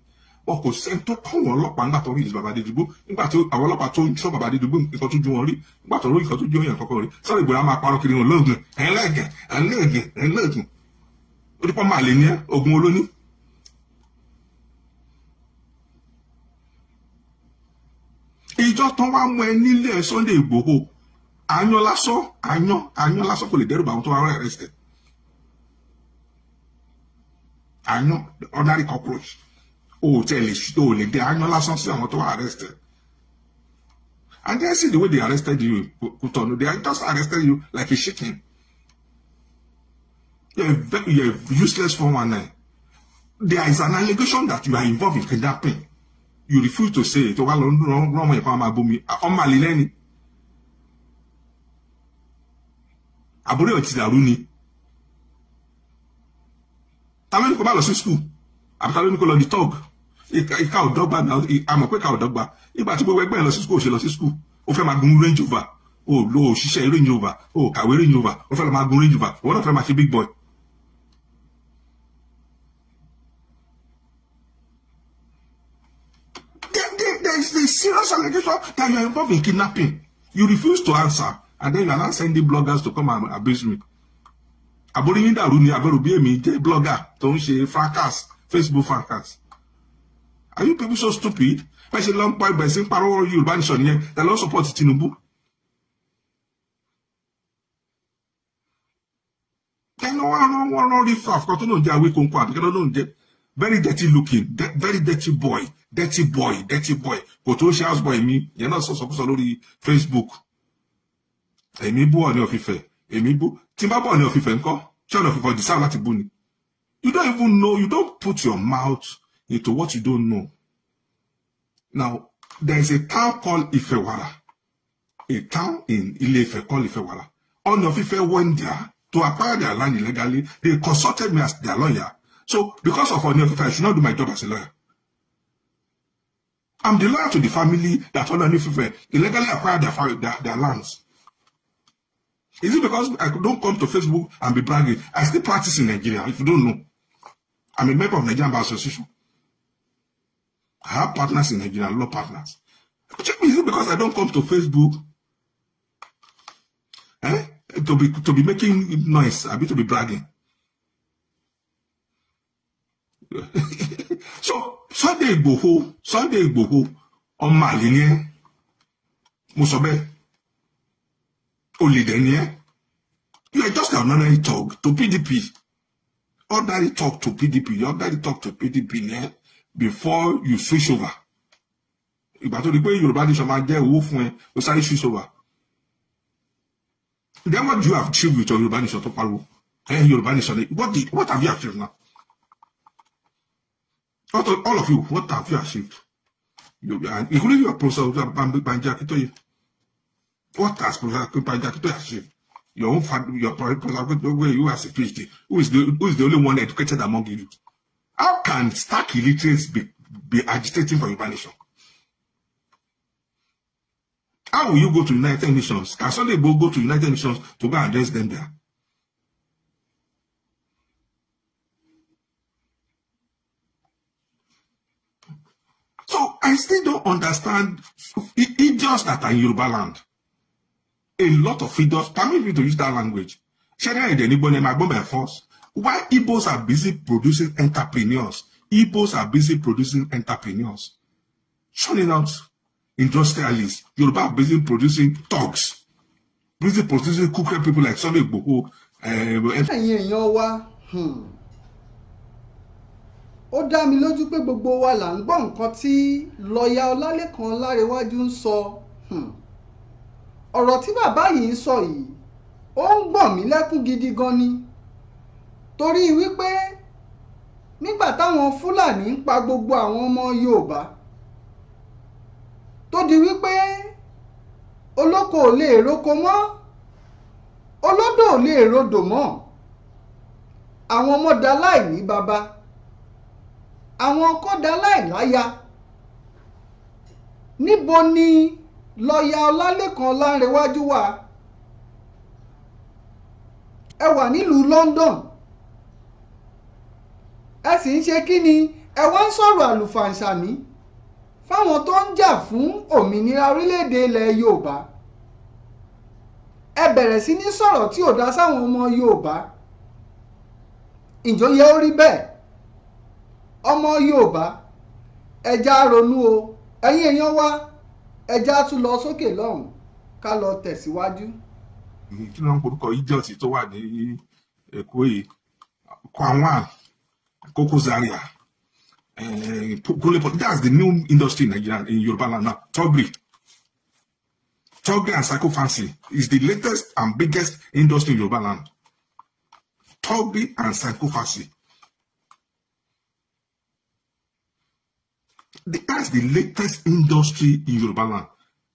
wọn kò sẹ́ni tó kọ́ wọn ọlọ́pàá nígbà tó rí bàbá dídìbò nígbà tó àwọn ọlọ́pàá tó ń sọ bàbá dídìbò nǹkan tó ju wọn rí nígbà tó rí nǹkan tó ju wọn yàn kọ́kọ́ rí sọ́ọ́ ìgbéra máa parọ́ kiri wọn lóògùn ẹ̀ńlẹ́gùn ẹ̀ńlẹ́gùn ẹ̀ńlẹ́gùn onípọ̀ máa lè ní ogun olóní ìjọ tán wá mú ẹ nílé Sunday Ìgbòho àyàn lásán àyàn àyàn lásán kò lè dẹ́rù bá àwọn tó wá rẹ̀ rẹ̀ àyàn ordinary cockroach o ò tẹ̀ lè o ò lè dé àyàn lásán sí àwọn tó wà arrested and then see the way they arrested you Kutonu they just arrested you like a chicken you're a, very, you're a useless 419 eh? there is an allegation that you are involved in kidnapping you refuse to say it wà lọ́nà ọmọ ìpamọ́ máa bomi ọmọ àlè lẹ́ni àbúrò ẹ̀ ti dàrú ni ta ló ní kó má lọ sí skul àbí ta ló ní kó lọ di tọ́ọ̀gù ìka ò dọ́gba pé ìka ò dọ́gba tí gbogbo ẹgbẹ́ lọ sí skul ò ṣe lọ sí skul ó fẹ́ máa gun range over ó lo òṣìṣẹ́ range over ó kàwé range over ó fẹ́ máa gun range over òun náà fẹ́ máa ṣe big boy. there is a serious allegation that you are involved in kidnapping. You refuse to answer, and then you are now sending bloggers to come and abuse me àbóríyìn dàrú ni àbẹ̀rù bí èmi jẹ́ blogger tó ń ṣe fracas facebook fracas are you people so stupid bẹ́ẹ̀ ṣe lọ ń pa ẹgbẹ̀ sí ń parọ́ yorùbá nation yẹn tẹ̀ lọ́ support tinubu. kẹ́ni wọ́n rán wọ́n rán rí fàf kan tó náà jẹ́ àwé kónkó àbí kẹ́ni náà jẹ́ very dirty looking de very dirty boy dirty boy dirty boy kò tó ṣe house boy mi yẹn náà sọ̀sọ̀kúsọ lórí facebook èmi bú ọ̀ ní ọ̀fìfẹ́ èmi bú tí n bá bọ̀ ní ọ̀fìfẹ́ ńkọ́ ṣé ọ̀nà ọ̀fìfẹ́ ọ̀dìsáà ni you don't even know you don't put your mouth into what you don't know now there is a town called Ifewara a town in ile called Ifewara On ọ̀fìfẹ́ went there to acquire their land illegally they consulted me as their lawyer so because of on ọ̀fìfẹ́ I should not do my job as a lawyer I'm the lawyer to the family that ọ̀nà ọ̀fìfẹ́ illegally acquired their, their, their lands. Is it because I don't come to Facebook and be bragging? I still practice in Nigeria, if you don't know. I'm a member of Nigerian Bar Association. I have partners in Nigeria, law partners. is it because I don't come to Facebook eh? to, be, to be making noise, I mean to be bragging? so, Sunday Igboho, Sunday Igboho, ọmọ àlè yẹn, mo sọ Only then, yeah? You are just another talk to PDP. Ordinary talk to PDP. Ordinary talk to PDP, yeah? Before you switch over. But tó di pé Yorùbá Nation máa jẹ́ owó fún ẹ, o switch over. Then what do you have achieved with your Yorùbá Nation tó pariwo? Ẹ Yorùbá Nation, what, did, what have you achieved now? All of you, what have you achieved? You, uh, including your professor, Banji Akintoye. What has to achieve Your own father, your Pajaki, where you as a PhD, who is the who is the only one educated among you? How can stark illiterates be, be agitating for your How will you go to United Nations? Can Sunday go, go to United Nations to go address them there? So I still don't understand idiots that are in Yoruba land a lot of figures permit me to use that language ṣẹ́dá ẹ̀dẹ̀ nígbọ́n ni ẹ máa gbọ́n by force why Igbos are busy producing entrepreneurs Igbos are busy producing entrepreneurs churning out industrialists Yoruba are busy producing thugs busy producing crooked people like Sunday Igboho. Eh, eh. Hmm. ó dá mi lójú pé gbogbo wa là ń gbọ́ nǹkan tí lọ́ọ̀yà Ọlálékan Ọlárewájú ń sọ. Hmm ọ̀rọ̀ tí bàbá yìí ń sọ yìí ó ń gbọ̀n mí lẹ́kún gidi gan ni torí wípé nígbà táwọn Fúlàní ń pa gbogbo àwọn ọmọ Yorùbá tó di wípé olóko ò lè roko mọ́ olódò ò lè rodò mọ́ àwọn ọmọ da láì ní baba àwọn ọkọ da láì láya níbo ni. Baba, lọ́ọ̀yà ọlálẹ́kan lárinwájú wa ẹ wà nílùú London ẹ sì ń ṣe kí ni ẹ wá ń sọ̀rọ̀ àlùfàǹsàmí fáwọn tó ń jà fún òmìnira orílẹ̀-èdè ilẹ̀ Yorùbá ẹ bẹ̀rẹ̀ sí ní sọ̀rọ̀ tí ò dá sáwọn ọmọ Yorùbá ǹjọ́ yẹ ó rí bẹ́ẹ̀ ọmọ Yorùbá ẹ já ronú o ẹ̀yin èèyàn wá. ẹja tún lọ sókè lọ́hùn ká lọ tẹ̀síwájú. kí ló ń porúkọ ìjọsìn tó wà ní èkó yìí kwanwan koko zaria eh, kulepot that's the new industry in nigeria in yoruba land now togri togri and psychophancy is the latest and biggest industry in yoruba land togri and psychophancy The, that's the latest industry in Yoruba land,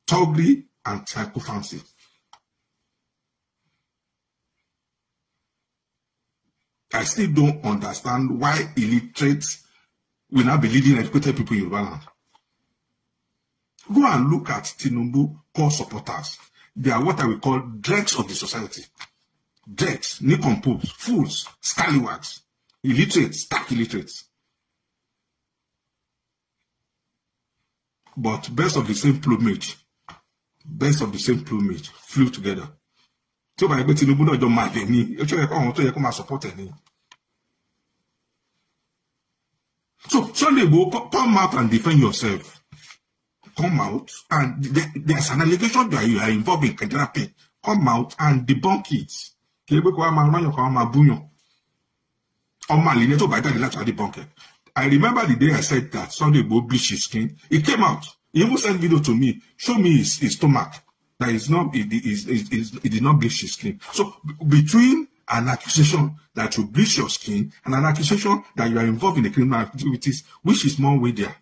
toggery and psychophancy. I still don't understand why illiterates will not be leading educated people in Yoruba land. Go and look at Tinubu core supporters. They are what I will call dregs of the society. Dregs, nincompoop, fools, scallywags, illiterates, stark illiterates. but birds of the same plumage birds of the same plumage flew together tí ó bá yẹ pé Tinubu náà jọ máa lè ní ó ṣe yẹ kó àwọn tó yẹ kó máa support ẹ ní. so Sunday Igboho come out and defend yourself come out and there's an allegation that you are involved in kidnapping come out and debunk it kì í pé kó wa máa rányàn kó wa máa búyàn ọmọ àlè ní tó bá jáde láti wá debunk ẹ I remember the day I said that Sunday Igboho bleached his skin. It came out. He even sent video to me. Show me his, his stomach. That is not, it, is. it, did not bleach his skin. So between an accusation that you bleach your skin and an accusation that you are involved in the criminal activities, which is more weightier.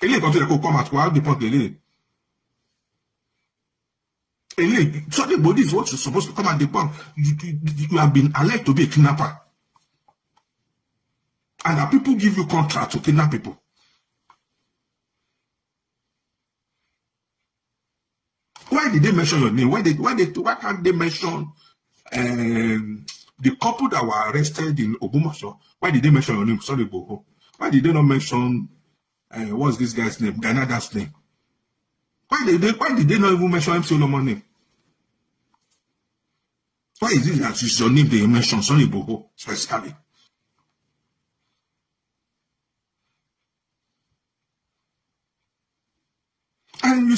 Eléyìí kan tó yẹ come at wá the point eléyìí. Eléyìí Sunday Igboho is what you supposed to come at the point. You, you, you have been alleged to be a kidnapper. And that people give you contracts to kidnap people. Why did they mention your name? Why did why did why can't they mention um, the couple that were arrested in Obumasho? Why did they mention your name? Sorry, Boho. Why did they not mention uh, what's this guy's name? Ganada's name. Why did they why did they not even mention MC Olomo's name? Why is it that it's your name they mention Sonny Boho specifically?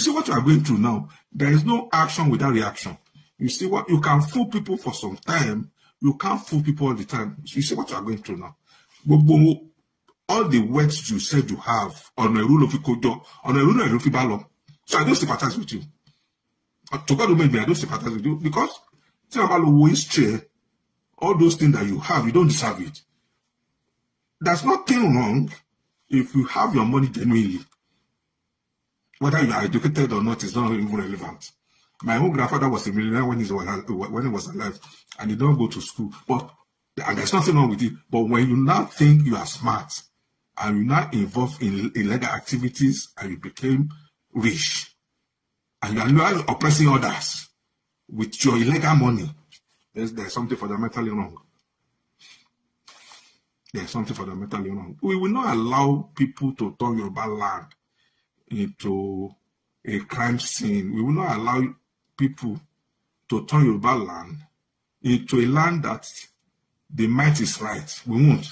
see what you are going through now. There is no action without reaction. You see what you can fool people for some time. You can't fool people all the time. You see what you are going through now. All the words you said you have on a rule of Ikodo, on a rule of Ifibalo. So I don't sympathize with you. Uh, to God who made me, I don't sympathize with you because chair. all those things that you have, you don't deserve it. There's nothing wrong if you have your money genuinely. Whether you are educated or not is not even relevant. My own grandfather was a millionaire when he was, when he was alive, and he don't go to school. But and there's nothing wrong with it. But when you now think you are smart, and you now involved in illegal activities, and you became rich, and you are now oppressing others with your illegal money, there's, there's something fundamentally wrong. There's something fundamentally wrong. We will not allow people to turn your bad land into a crime scene. We will not allow people to turn Yoruba land into a land that the might is right. We won't.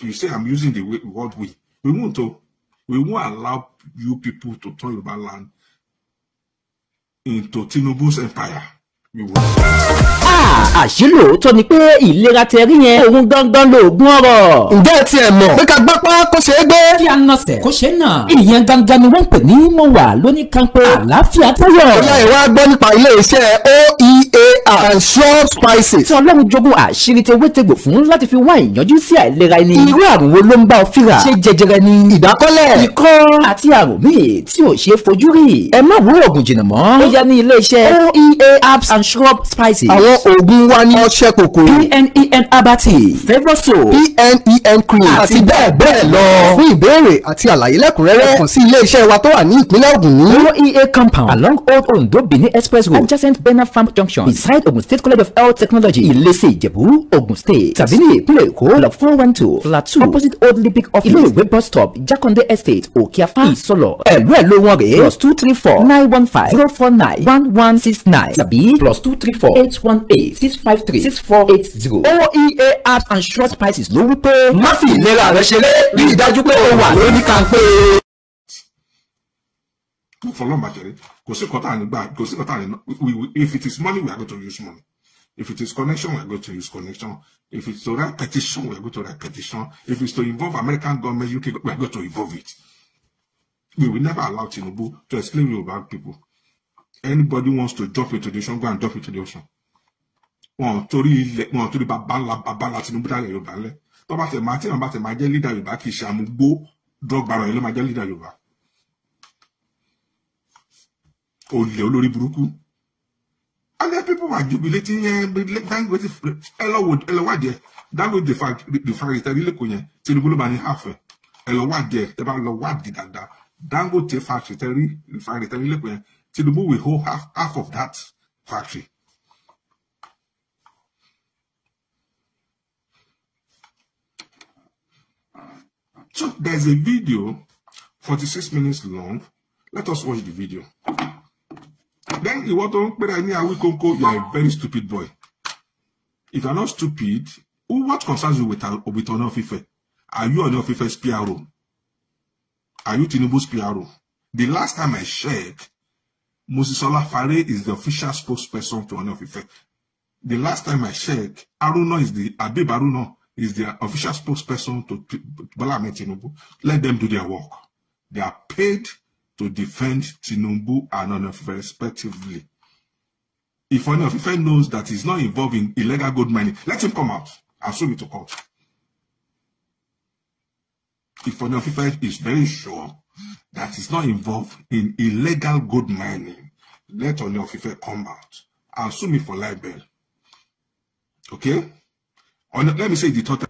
You say I'm using the word we. We won't. To, oh. we won't allow you people to turn Yoruba land into Tinubu's empire. We won't. Ah. àṣìlò tó ni pé ìlera tẹ̀rí yẹn òun gangan lóògùn ọ̀rọ̀. ǹjẹ́ ti ẹ̀ mọ̀ pé ká gbọ́pá kó ṣe é gbé. kí a nọ sẹ̀ kó ṣe é nà. ìyẹn gangan ni wọ́n pè ní mo wà lóní kan pé àlàáfíà tó yọ. ìwà gbọ́ nípa ilé iṣẹ́ oea and sure spices. tí ọlọ́run jogún àṣírí tewé tegbò fún láti fi wá ìyanjú sí àìlera ẹni. irú àrùn wo ló ń bá ọ fíra. ṣé jẹjẹrẹ ni. ìdákọ́lẹ̀. ikọ́ àti àrùn míì tí ò ṣeé fojú rí. ẹ má wúrò ògùn jìnnà mọ́. ó yá ní ilé iṣẹ́ oea and shrub spices. àwọn oògùn ń wá ní ọṣẹ kòkòrò pnen abati fevrosol pnen e cream àti bẹ́ẹ̀ bẹ́ẹ̀ lọ. fún ìbéèrè àti àlàyé lẹ́kùnrẹ́rẹ́ kàn sí ilé-iṣẹ́ wa tó wà ní ìpínlẹ̀ Ògùn ní. owó ea compound along old Ondo Benin express road adjacent Bena farm junction beside Ogun State College of Health Technology Ilese Ijebu Ogun State tàbí ní ìpínlẹ̀ Èkó block four one two flat two opposite old Olympic office iléèwé bus stop Jakonde estate Òkèàfà Ìsọlọ ẹ̀rọ ẹ̀ ló wọ́n rè é plus two three four nine one five zero four nine one one six nine tàbí plus two three four eight one eight six six five three six four eight zero oea apps and short prices ló wí pé. má fi ìlera rẹ ṣeré rí i dájú pé o wà lórí kàńpé. kò fọlọ́mà jẹ̀rẹ̀ kò sí kọ́tà ní gbà kò sí kọ́tà ní if it is money we are going to use money if it is connection we are going to use connection if it's to write petition we are going to write petition if it's to involve American government UK we are going to involve it we will never allow Tinubu to explain Yoruba people anybody wants to drop into the ocean go and drop into the ocean wọn ò torí ilẹ̀ wọn ò torí bàbá ńlá bàbá ńlá Tinubu dá Yorùbá lẹ̀ tó bá tẹ̀ máa tí wọn máa jẹ́ leader Yorùbá kì í ṣe àmúgbó dọ́gbàrọ̀ yẹn ló máa jẹ́ leader Yorùbá olè olórí burúkú and then people were jubilating yẹn eh, Dangote ẹ lọ wò ẹ lọ wádìí ẹ Dangote refinery tẹ̀lé lẹ́kọ̀ọ́ yẹn Tinubu ló máa ní half ẹ ẹ lọ wádìí ẹ bá lọ wádìí dáadáa Dangote factory tẹ̀lé yẹn Tinubu will hold half, half of that factory So there's a video, 46 minutes long. Let us watch the video. Then you want to you You're a very stupid boy. If you're not stupid, what concerns you with, with Onofife? Are you on Onofife's PRO? Are you Tinubu's PRO? The last time I checked, Mosisola Fare is the official spokesperson to Onofife. The last time I checked, Aruna is the Abib Aruna is their official spokesperson to Bola Ahmed Tinubu. Let them do their work. They are paid to defend Tinubu and Onofife respectively. If Onofife knows that he's not involved in illegal gold mining, let him come out and sue me to court. If Onofife is very sure that he's not involved in illegal gold mining, let Onofife come out and sue me for libel. Okay? ọ̀nà let me say the total.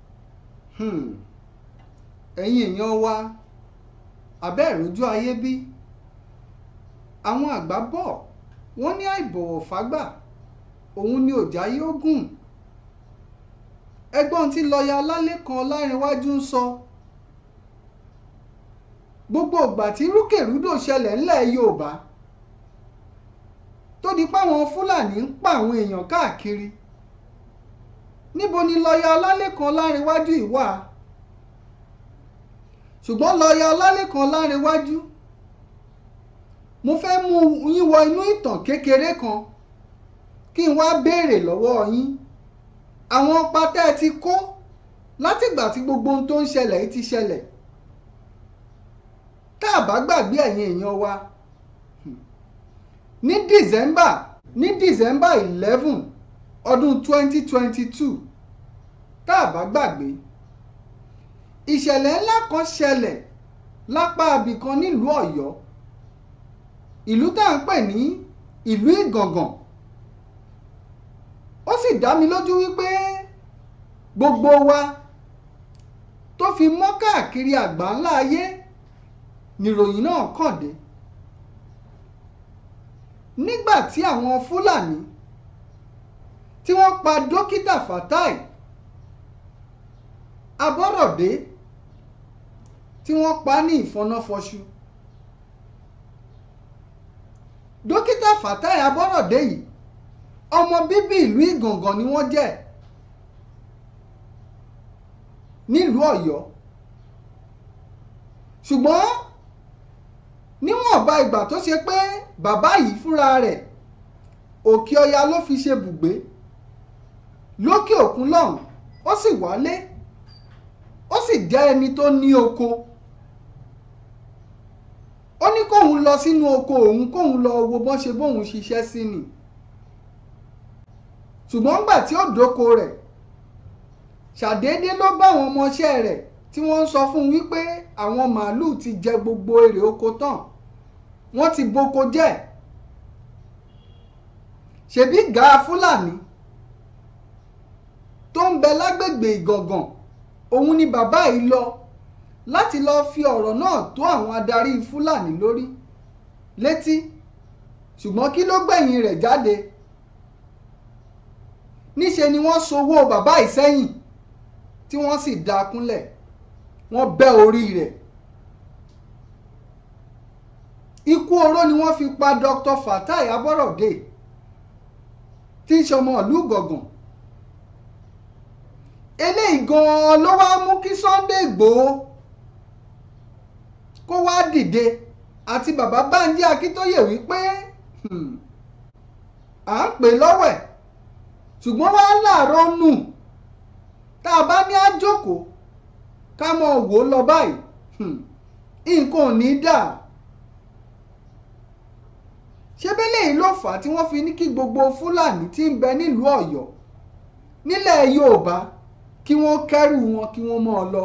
Hmm. ẹ̀yin èèyàn wa abẹ́ ìrújú ayé bí àwọn àgbà bọ̀ wọ́n ní àìbọ̀wọ̀ fágbà òun ni òjá yóò gùn ẹgbọ́n tí lọ́ọ̀yà Ọlálékan Ọlárinwájú ń sọ gbogbo ìgbà tí rúkèrúdò ṣẹlẹ̀ ńlẹ̀ Yorùbá tó di páwọn Fúlàní ń pa àwọn èèyàn káàkiri níbo ni lọ́ọ̀yà ọlálẹ́kan lárinwájú ìwà ṣùgbọ́n lọ́ọ̀yà ọlálẹ́kan lárinwájú mo fẹ́ mú yín wọ inú ìtàn kékeré kan kí n wá béèrè lọ́wọ́ yín àwọn patẹ́ ti kó látìgbà tí gbogbo ohun tó ń ṣẹlẹ̀ yìí ti ṣẹlẹ̀ tá a bá gbàgbé ẹ̀yin èèyàn wa ní December ní December eleven ọdún 2022 tá a bá gbàgbé ìṣẹ̀lẹ̀ ńlá kan ṣẹlẹ̀ lápá abìkan nílùú Ọ̀yọ́ ìlú tá à ń pè ní ìlú Ìgàngàn ó sì dá mi lójú wípé gbogbo wa tó fi mọ́ káàkiri àgbáńlá ayé nìròyìn náà kàn dé nígbà tí àwọn Fúlàní tí wọ́n pa dókítà Fatai Abọ́rọ̀dé tí wọ́n pa ní ìfọnáfọṣu dókítà Fatai Abọ́rọ̀dé yìí ọmọ bíbí ìlú Ìgàngàn ni wọ́n jẹ́ nílùú Ọ̀yọ́ ṣùgbọ́n níwọ̀nba ìgbà tó ṣe pé bàbá yìí fúnra rẹ̀ Òkè Ọya ló fi ṣe bùgbé lókè òkun lọ́hùn ó sì wálé ó sì jẹ́ ẹni tó ní oko ó ní kóun lọ sínú oko òun kóun lọ wo bọ́n ṣe bóun ṣiṣẹ́ sí ni ṣùgbọ́n ńgbà tí ó dóko rẹ̀ ṣàdédé ló bá àwọn ọmọọṣẹ́ rẹ̀ tí wọ́n ń sọ fún un wípé àwọn màálùú ti jẹ gbogbo èrè oko tán wọ́n ti boko jẹ́ ṣebí gàá fúlàní tó ń bẹ lágbègbè ìgàngàn òun ni bàbá yìí lọ láti lọ́ọ́ fi ọ̀rọ̀ náà tó àwọn adarí fúlàní lórí létí ṣùgbọ́n kí ló gbẹ̀yìn rẹ̀ jáde níṣe ni wọ́n sowó bàbá yìí tí wọ́n sì dá a kúnlẹ̀ wọ́n bẹ́ orí rẹ̀ ikú oró ni wọ́n fi pa Dr. Fatai Aborode tí í ṣọmọ ìlú Ìgàngàn eléyìí gan-an ló wá mú kí Sunday Ìgbòho kó wá dìde àti bàbá Bánjí Akíntóyè wípé hmm, à ń pè lọ́wẹ̀ ṣùgbọ́n wá láàárọ̀ nù tá a bá ní àjòkó ká mọ̀ wò ó lọ báyìí hmm, nǹkan ò ní dà ṣé bẹ́lẹ̀ yìí ló fà á tí wọ́n fi ní kí gbogbo Fúlàní tí ń bẹ nílùú Ọ̀yọ́ nílẹ̀ Yorùbá kí wọ́n kẹ́rù wọn kí wọ́n mọ́ ọ lọ.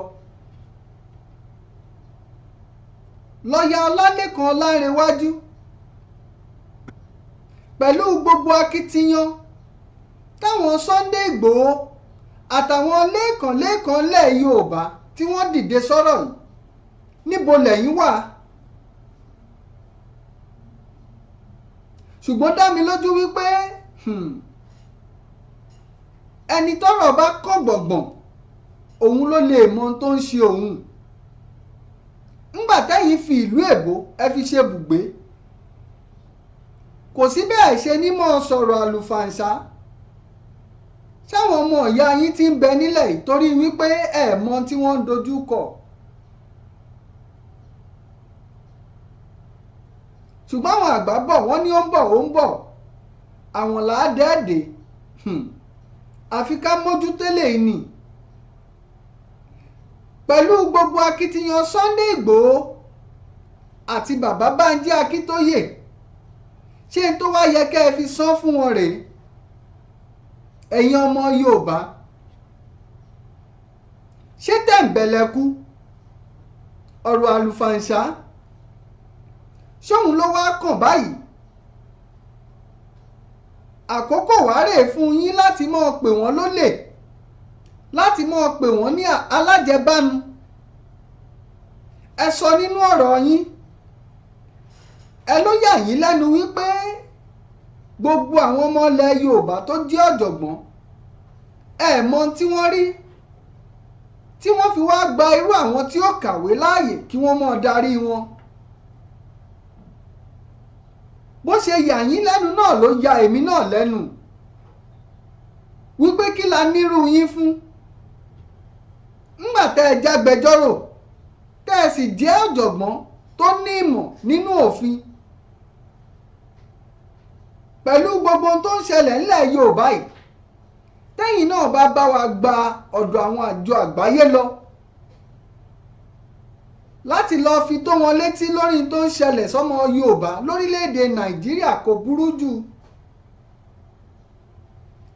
lọ́ọ̀yà ọlálẹ́kan ọlárẹ̀wájú pẹ̀lú gbogbo akitiyan táwọn Sunday Ìgbòho àtàwọn lẹ́ẹ̀kan lẹ́ẹ̀kan lẹ̀ Yorùbá tí wọ́n dìde sọ̀rọ̀ yìí níbo lẹ́yìn wà. ṣùgbọ́n dá mi lójú wípé hmm, ẹni tọ́rọ̀ bá kọ gbọ̀ngbọ̀n òun ló lè mọ ohun tó ń ṣe òun ńgbà tẹ́yìn fi ìlú èbó ẹ fi ṣe bùgbé kò sí bẹ́ẹ̀ ṣe ní mọ́ sọ̀rọ̀ àlùfàǹṣá sáwọn ọmọ ìyá yín ti ń bẹ nílẹ̀ torí wípé ẹ̀ mọ tí wọ́n ń dojú kọ. ṣùgbọ́n àwọn àgbà bọ̀ wọ́n ní ó ń bọ̀ ó ń bọ̀ àwọn làádẹ́ẹ̀dẹ́. Hmm àfi ká mójútó eléyìí ni pẹ̀lú gbogbo akitiyan Sunday Ìgbòho àti bàbá Bánjí Akíntóyè ṣé n tó wá yẹ kẹ́ ẹ fi san fún wọn rèé ẹ̀yin ọmọ Yorùbá ṣé tẹ̀m̀bẹ̀lẹ̀kú ọ̀rọ̀ àlùfàǹṣá ṣóun ló wá kàn báyìí àkókò wá rèé fún yín láti máa pè wọ́n lólè láti máa pè wọ́n ní alájẹbánu ẹ sọ nínú ọ̀rọ̀ yín ẹ ló yà yín lẹ́nu wípé gbogbo àwọn ọmọ ilẹ̀ Yorùbá tó jẹ́ ọ̀jọ̀gbọ́n ẹ mọ tí wọ́n rí tí wọ́n fi wá gba irú àwọn tí ó kàwé láàyè kí wọ́n máa darí wọn. bó ṣe yà yín lẹ́nu náà ló ya èmi náà lẹ́nu wípé kí la nírú yín fún ńgbà tẹ́ ẹ jágbẹjọ́rò tẹ́ ẹ sì jẹ́ ọ̀jọ̀gbọ́n tó ní ìmọ̀ nínú òfin pẹ̀lú gbogbo tó ń ṣẹlẹ̀ ńlẹ̀ Yorùbá yìí tẹ́yìn náà bá bá wa gba ọ̀dọ̀ àwọn àjọ àgbáyé lọ láti lọ́ọ́ fi tó wọn létí lórí tó ń ṣẹlẹ̀ sọ́mọ Yorùbá lórílẹ̀‐èdè Nàìjíríà kò burú jù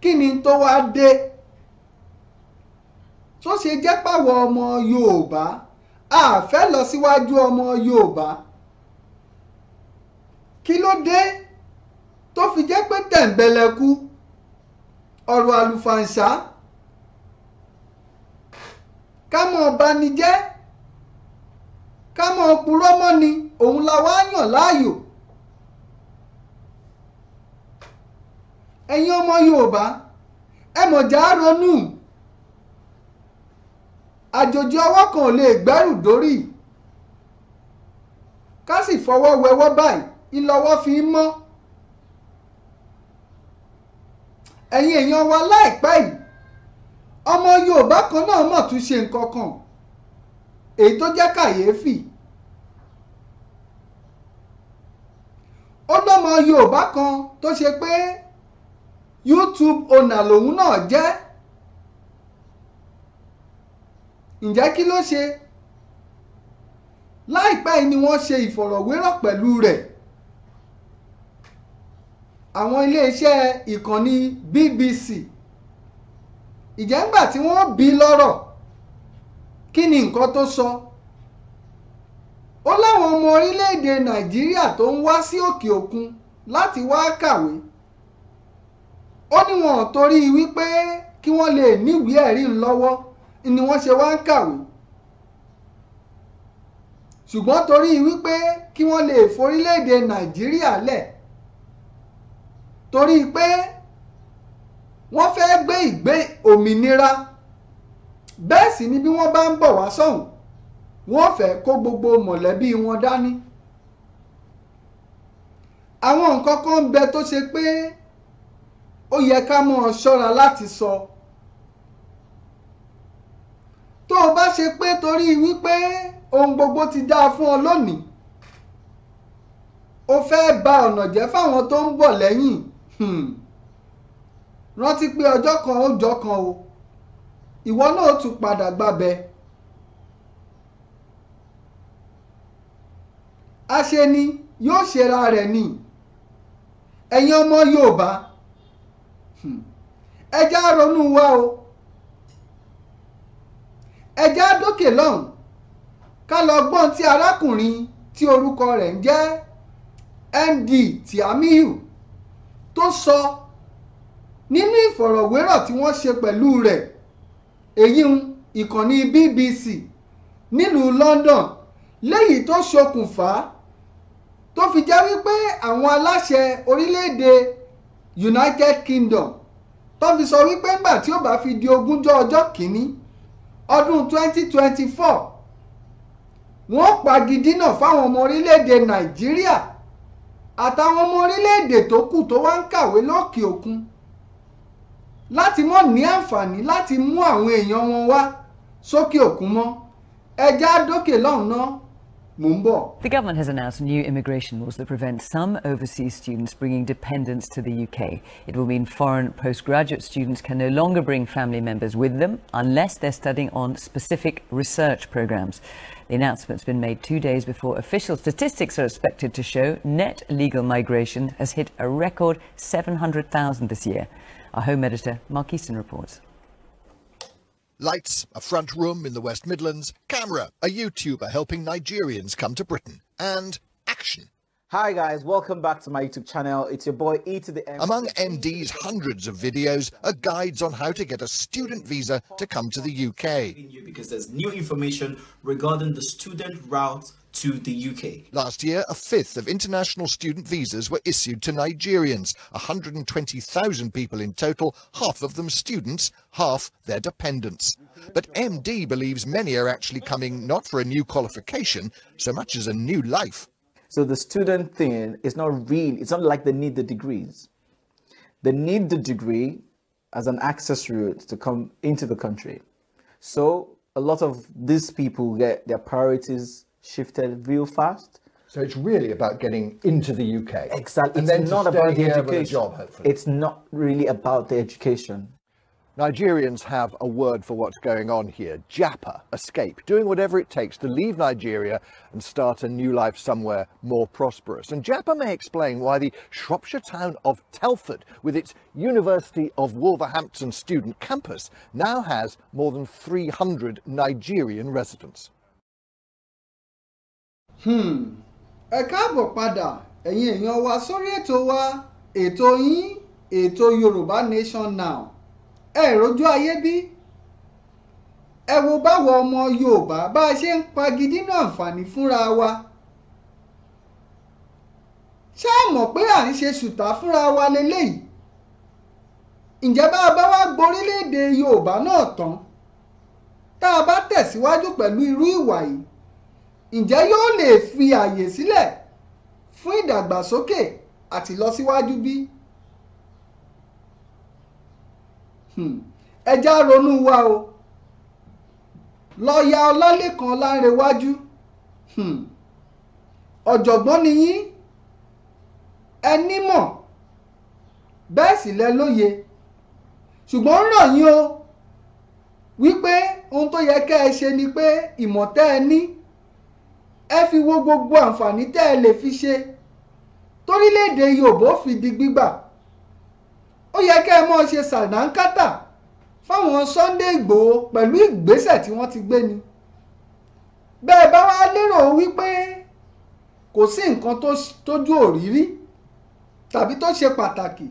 kí ni tó wá dé tó ṣe jẹ́ pàwọ̀ ọmọ Yorùbá a fẹ́ lọ síwájú ọmọ Yorùbá kí ló dé tó fi jẹ́ pé tẹ̀m̀bẹ̀lẹ̀kú ọ̀rọ̀ àlùfàǹṣá ká mọ̀ ọ̀bánijẹ́ ká máa purọ́ mọ́ ni òun la wá yàn láàyò ẹ̀yin ọmọ Yorùbá ẹ mọ̀jà á ronú àjòjì ọwọ́ kan ò lè gbẹ́rù dórí ká sì fọwọ́ wẹwọ́ báyìí ìlọ́wọ́ fi ń mọ́ ẹ̀yin èèyàn wa láìpẹ́ yìí ọmọ Yorùbá kan náà mọ̀ tún ṣe nǹkan kan. èyí tó jẹ́ kàyéfì ó lọ́mọ Yorùbá kan tó ṣe pé YouTube ọ̀nà lòun náà jẹ́ ǹjẹ́ kí ló ṣe láìpẹ́ yìí ni wọ́n ṣe ìfọ̀rọ̀wérọ̀ pẹ̀lú rẹ̀ àwọn iléeṣẹ́ ìkànnì BBC ìjẹ́ngbà tí wọ́n bí lọ́rọ̀ kí ni nǹkan tó sọ ó láwọn ọmọ orílẹ̀-èdè nàìjíríà tó ń wá sí òkè òkun láti wá kàwé ó ní wọn ò torí wípé kí wọ́n lè níwèé ẹ̀rí ńlọ́wọ́ ni wọ́n ṣe wá ń kàwé ṣùgbọ́n torí wípé kí wọ́n lè forílẹ̀-èdè nàìjíríà lẹ̀ torí pé wọ́n fẹ́ gbé ìgbé òmìnira bẹ́ẹ̀ sì ni bí wọ́n bá ń bọ̀ wá sọ́hùn wọ́n fẹ́ kó gbogbo mọ̀lẹ́bí wọn dání àwọn nǹkan kan ń bẹ tó ṣe pé ó yẹ ká mọ̀ ọ́ ṣọ́ra láti sọ tó o bá ṣe pé torí wípé ohun gbogbo ti dáa fún ọ lónìí o fẹ́ ba ọ̀nà jẹ́ fáwọn tó ń bọ̀ lẹ́yìn hmm. rántí pé ọjọ́ kan ó jọ kan o. Hmm ìwọ náà tún padà gbabẹ̀ aṣeni yóò ṣera rẹ̀ ni ẹ̀yin ọmọ Yorùbá hmm, ẹ já ronú wa o ẹ já dókè lọ́hùn ká lọ gbọ́n tí arákùnrin tí orúkọ rẹ̀ ń jẹ́ MD Tìámíyù tó sọ nínú ìfọ̀rọ̀wérọ̀ tí wọ́n ṣe pẹ̀lú rẹ̀ èyí ń ìkànnì BBC nílùú London léyìí tó ṣokùnfà tó fi jẹ́ wípé àwọn aláṣẹ orílẹ̀-èdè United Kingdom tó fi sọ wípé ńgbà tí ó bá fi di ogúnjọ́ ọjọ́ kìíní ọdún 2024 wọ́n pagidínà fáwọn ọmọ orílẹ̀-èdè Nàìjíríà àtàwọn ọmọ orílẹ̀-èdè tó kù tó wá ń kàwé lókè òkun láti mọ̀ ní láti mú àwọn wọn wá sókè òkun mọ́ ẹja dókè lọ́hùn náà The government has announced new immigration laws that prevent some overseas students bringing dependents to the UK. It will mean foreign postgraduate students can no longer bring family members with them unless they're studying on specific research programs. The announcement's been made two days before official statistics are expected to show net legal migration has hit a record 700,000 this year. Our home editor, Mark Easton, reports. Lights, a front room in the West Midlands, camera, a YouTuber helping Nigerians come to Britain, and action. Hi guys, welcome back to my YouTube channel. It's your boy E to the M. Among MD's hundreds of videos are guides on how to get a student visa to come to the UK. Because there's new information regarding the student route to the UK. Last year, a fifth of international student visas were issued to Nigerians, 120,000 people in total, half of them students, half their dependents. But MD believes many are actually coming not for a new qualification so much as a new life. So the student thing is not real. It's not like they need the degrees. They need the degree as an access route to come into the country. So a lot of these people get their priorities shifted real fast. So it's really about getting into the UK. Exactly. And it's then not about the education. Job, it's not really about the education. Nigerians have a word for what's going on here Japa, escape, doing whatever it takes to leave Nigeria and start a new life somewhere more prosperous. And Japa may explain why the Shropshire town of Telford, with its University of Wolverhampton student campus, now has more than 300 Nigerian residents. Hmm, A káàbọ̀ padà ẹ̀yin èèyàn wa sórí ètò ètò ètò Yorùbá Nation Now. ẹ rojú ayé bí ẹ wo báwo ọmọ Yorùbá bá a ṣe ń pagidínà àǹfààní fúnra wa ṣáà mọ̀ pé à ń ṣe ṣùtá fúnra wa leléyìí ǹjẹ́ bá a bá wá gborílẹ̀-èdè Yorùbá náà tán tá a bá tẹ̀síwájú pẹ̀lú irú ìwà yìí ǹjẹ́ yóò lè fi àyè sílẹ̀ fún ìdàgbàsókè àti lọ́síwájú bí? Hmm. ẹjá ronú wa o lọ́ọ̀yà ọlálẹ́kan láńrẹ̀wájú hmm. ọ̀jọ̀gbọ́n ni yín ẹ nímọ̀ bẹ́ẹ̀ sì lẹ lóye ṣùgbọ́n ń ràn yín o wípé ohun tó yẹ kẹ́ ẹ ṣe ni pé ìmọ̀ tẹ́ ẹ ní ẹ fi wo gbogbo àǹfààní tẹ́ ẹ lè fi ṣe torílẹ̀-èdè Yorùbá fi di gbígbà ó yẹ kẹ́ ẹ máa ṣe sàdánkátà fáwọn Sunday Ìgbòho pẹ̀lú ìgbésẹ̀ tí wọ́n ti gbé ni bẹ́ẹ̀ bá wá lérò wípé kò sí nǹkan tójú òrírí tàbí tó ṣe pàtàkì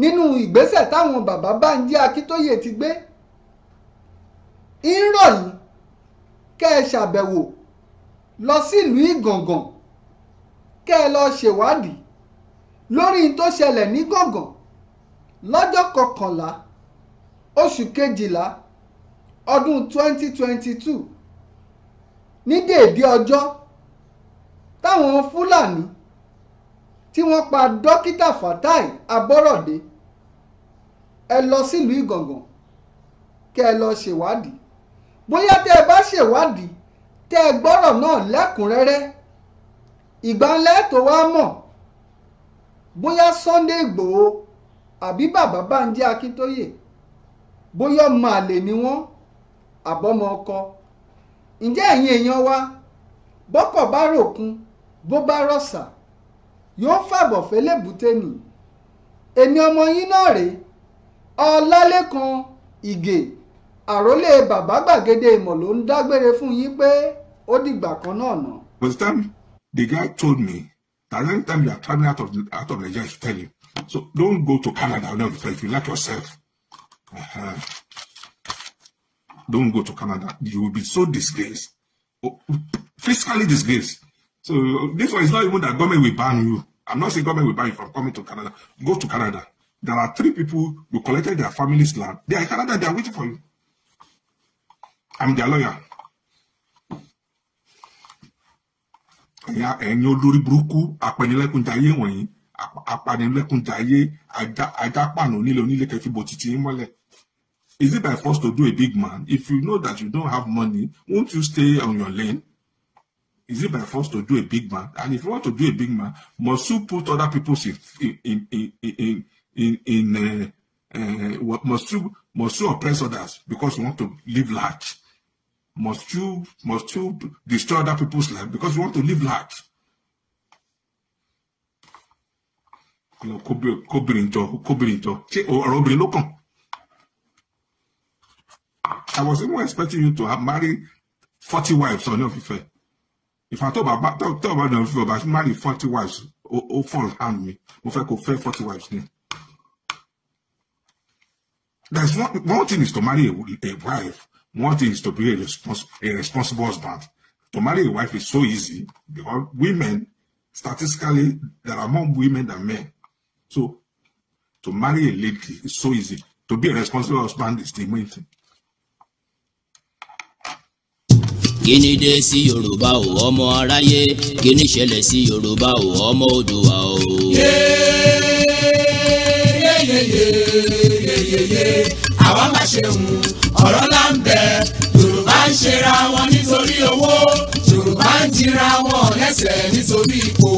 nínú ìgbésẹ̀ táwọn bàbá Bánjí Akíntóyè ti gbé ń rọ̀ yín kẹ́ ẹ ṣàbẹ̀wò lọ sílùú Ìgàngàn kẹ́ ẹ lọ ṣèwádìí lórí tó ṣẹlẹ̀ ní Ìgàngàn lọ́jọ́ kọkànlá oṣù kejìlá ọdún 2022 ní déédé ọjọ́ táwọn Fúlàní tí wọ́n pa dókítà Fatai Aborode ẹ lọ sílùú Ìgàngàn kẹ́ ẹ lọ ṣèwádìí bóyá tẹ́ ẹ bá ṣèwádìí tẹ́ ẹ gbọ́rọ̀ náà lẹ́kùnrẹ́rẹ́ ìgbà ńlẹ́ tó wá mọ̀ bóyá Sunday Ìgbòho àbí bàbá Bánjí Akíntóyè bóyá ọmọ àlè ni wọ́n àbọ́mọ ọkọ ǹjẹ́ ẹ̀yin èèyàn wa bọ́kọ̀ bá ròkun bó bá rọ̀ṣà yóò fàbọ̀ fẹ́lẹ́bùté nì èmi ọmọ yín náà rèé ọlálẹ́kan ìgè àrólé bàbá gbàgede ìmọ̀ ló ń dágbére fún yín pé ó dìgbà kan náà nà. by the time the guy told me that anytime you are traveling out of, out of Nigeria he should tell you So don't go to Canada without you like yourself. Uh-huh. Don't go to Canada. You will be so disgraced, oh, fiscally disgraced. So this one is not even that government will ban you. I'm not saying government will ban you from coming to Canada. Go to Canada. There are three people who collected their family's land. They are in Canada. They are waiting for you. I'm their lawyer. apanilẹ́kúnjayé ajápànù nílé onílé kẹfí bò títí yín Is it by force to do a big man? If you know that you don't have money, won't you stay on your lane? Is it by force to do a big man? And if you want to do a big man, must you put other people's in in in in in, in uh, uh, must you must you oppress others because you want to live large? Must you must you destroy other people's life because you want to live large? kóbìnrin jọ kóbìnrin jọ ṣé ọ̀rọ̀ obìnrin ló kàn. I was even expecting you to have marry forty wives ọ̀nà òfìfẹ́ ìfà tó bá tó bá dàn fi ọba marry forty wives ó fall hand mi mo fẹ́ kó fẹ́ forty wives ni. There is one, one thing is to marry a, a wife. One thing is to be a, respons a responsible husband. To marry a wife is so easy because women, statistically, there are more women than men. So to marry a lady is so easy. To be a responsible husband is the main thing. kí ni dé sí yorùbá o ọmọ aráyé kí ni ṣẹlẹ̀ sí yorùbá o ọmọ Oòduà o. yeyeyeyeyeye àwa máa ṣe hùn ọ̀rọ̀ là ń bẹ̀ yorùbá ń ṣera wọn nítorí owó yorùbá ń jìra wọn lẹ́sẹ̀ nítorí ipò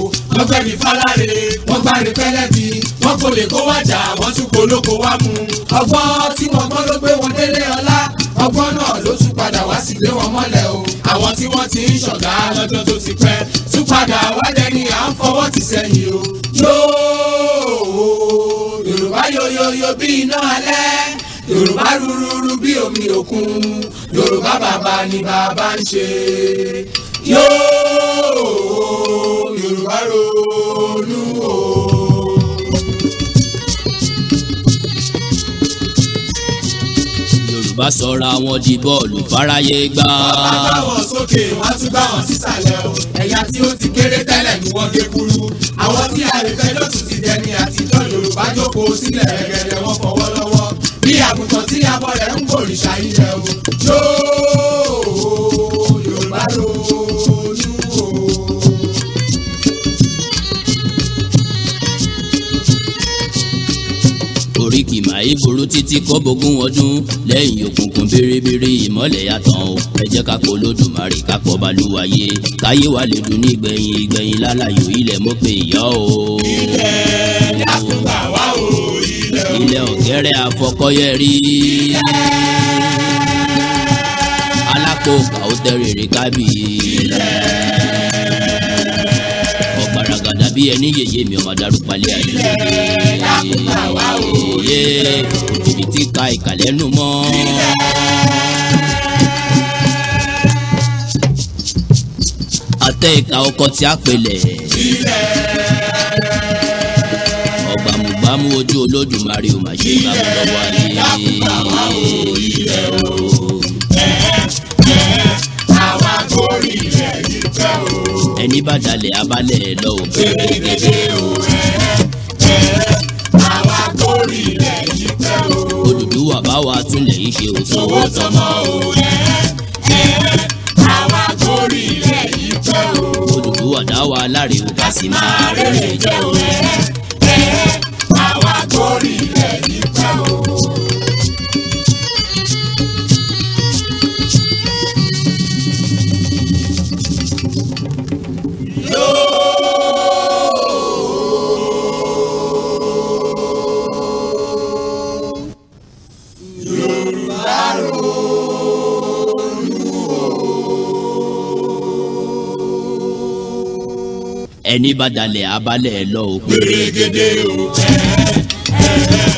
wọ́n fẹ́ ní fáláre wọ́n gbáre pẹ́lẹ́bí wọ́n kò lè kó wájà wọ́n tún polóko wá mú. ọgbọ́n tí wọ́n gbọ́n ló gbé wọn délé ọlá ọgbọ́n náà ló tún padà wá sí gbé wọn mọ́lẹ̀ o àwọn tí wọ́n ti ń ṣọ̀gá lọ́jọ́ tó ti pẹ́ tún padà wá dẹni à ń fọwọ́ ti sẹ́yìn o. yóò yorùbá yoyoyo bí iná alẹ́ yorùbá rúrúrú bí omi òkun yorùbá bàbá ni bàbá ń ṣe yóò Yorùbá ronú o. Yorùbá sọra wọn di bọ́ọ̀lù fáráyé gbá. Bàbá bá wọn sókè, wọ́n tún bá wọn sísàlẹ̀ o. Ẹ̀yà tí ó ti kéré tẹ́lẹ̀ ni wọ́n gé kúrú. Àwọn tí a lè fẹ́ lọ́tún ti dẹni àtijọ́ Yorùbá jókòó sílẹ̀ rẹ̀gẹ̀dẹ̀ wọn fọwọ́ lọ́wọ́. Bí àgùntàn tí abọ́ rẹ̀ ń gòrìṣà ilẹ̀ o. Yóò ti kọ́ bógún ọdún lẹ́yìn òkùnkùn bèrèbèrè ìmọ́lẹ̀ yàtọ̀ o ẹ jẹ́ ká pọ̀ lódùmarè ká pọ̀ balùwàyè káyé wa lè dùn ní gbẹ̀yìn ìgbẹ̀yìn lálàyò ilẹ̀ mọ́ pé ìyá o. ilẹ̀ yàtúbà wá o ilẹ̀ o. ilẹ̀ ọ̀gẹ́rẹ́ àfọkọ́yẹ rí. alákòókà ó tẹ́ rèrè kábíyé. ilẹ̀ bí ẹni yèyé mi ọmọ darúgbó alẹ́ ayé. ilẹ̀ lákùnkà ti ka ìkàlẹ́ nù mọ́. ilẹ̀ ọkọ tí a pèlè. ọ̀gbàmùgbàmù ojú olódùmarè ò mà ṣe gbàmù lọ́wọ́ ayé. bàdàlẹ̀ abalẹ̀ lọ. fèrè dédé o ẹ̀rẹ́ ẹ̀rẹ́ àwa kórì ilẹ̀ yìí pẹ́ o. Odùduwà bá wa túnlẹ̀ yìí ṣe o. sọ̀wọ́ tọmọ o ẹ̀rẹ́ ẹ̀rẹ́ àwa kórì ilẹ̀ yìí pẹ́ o. Odùduwà dá wa láre o. kàsí máa rere jẹ́ o ẹ̀rẹ́. ẹni bá dalẹ̀ abalẹ̀ lọ o. gbèrègèdè o.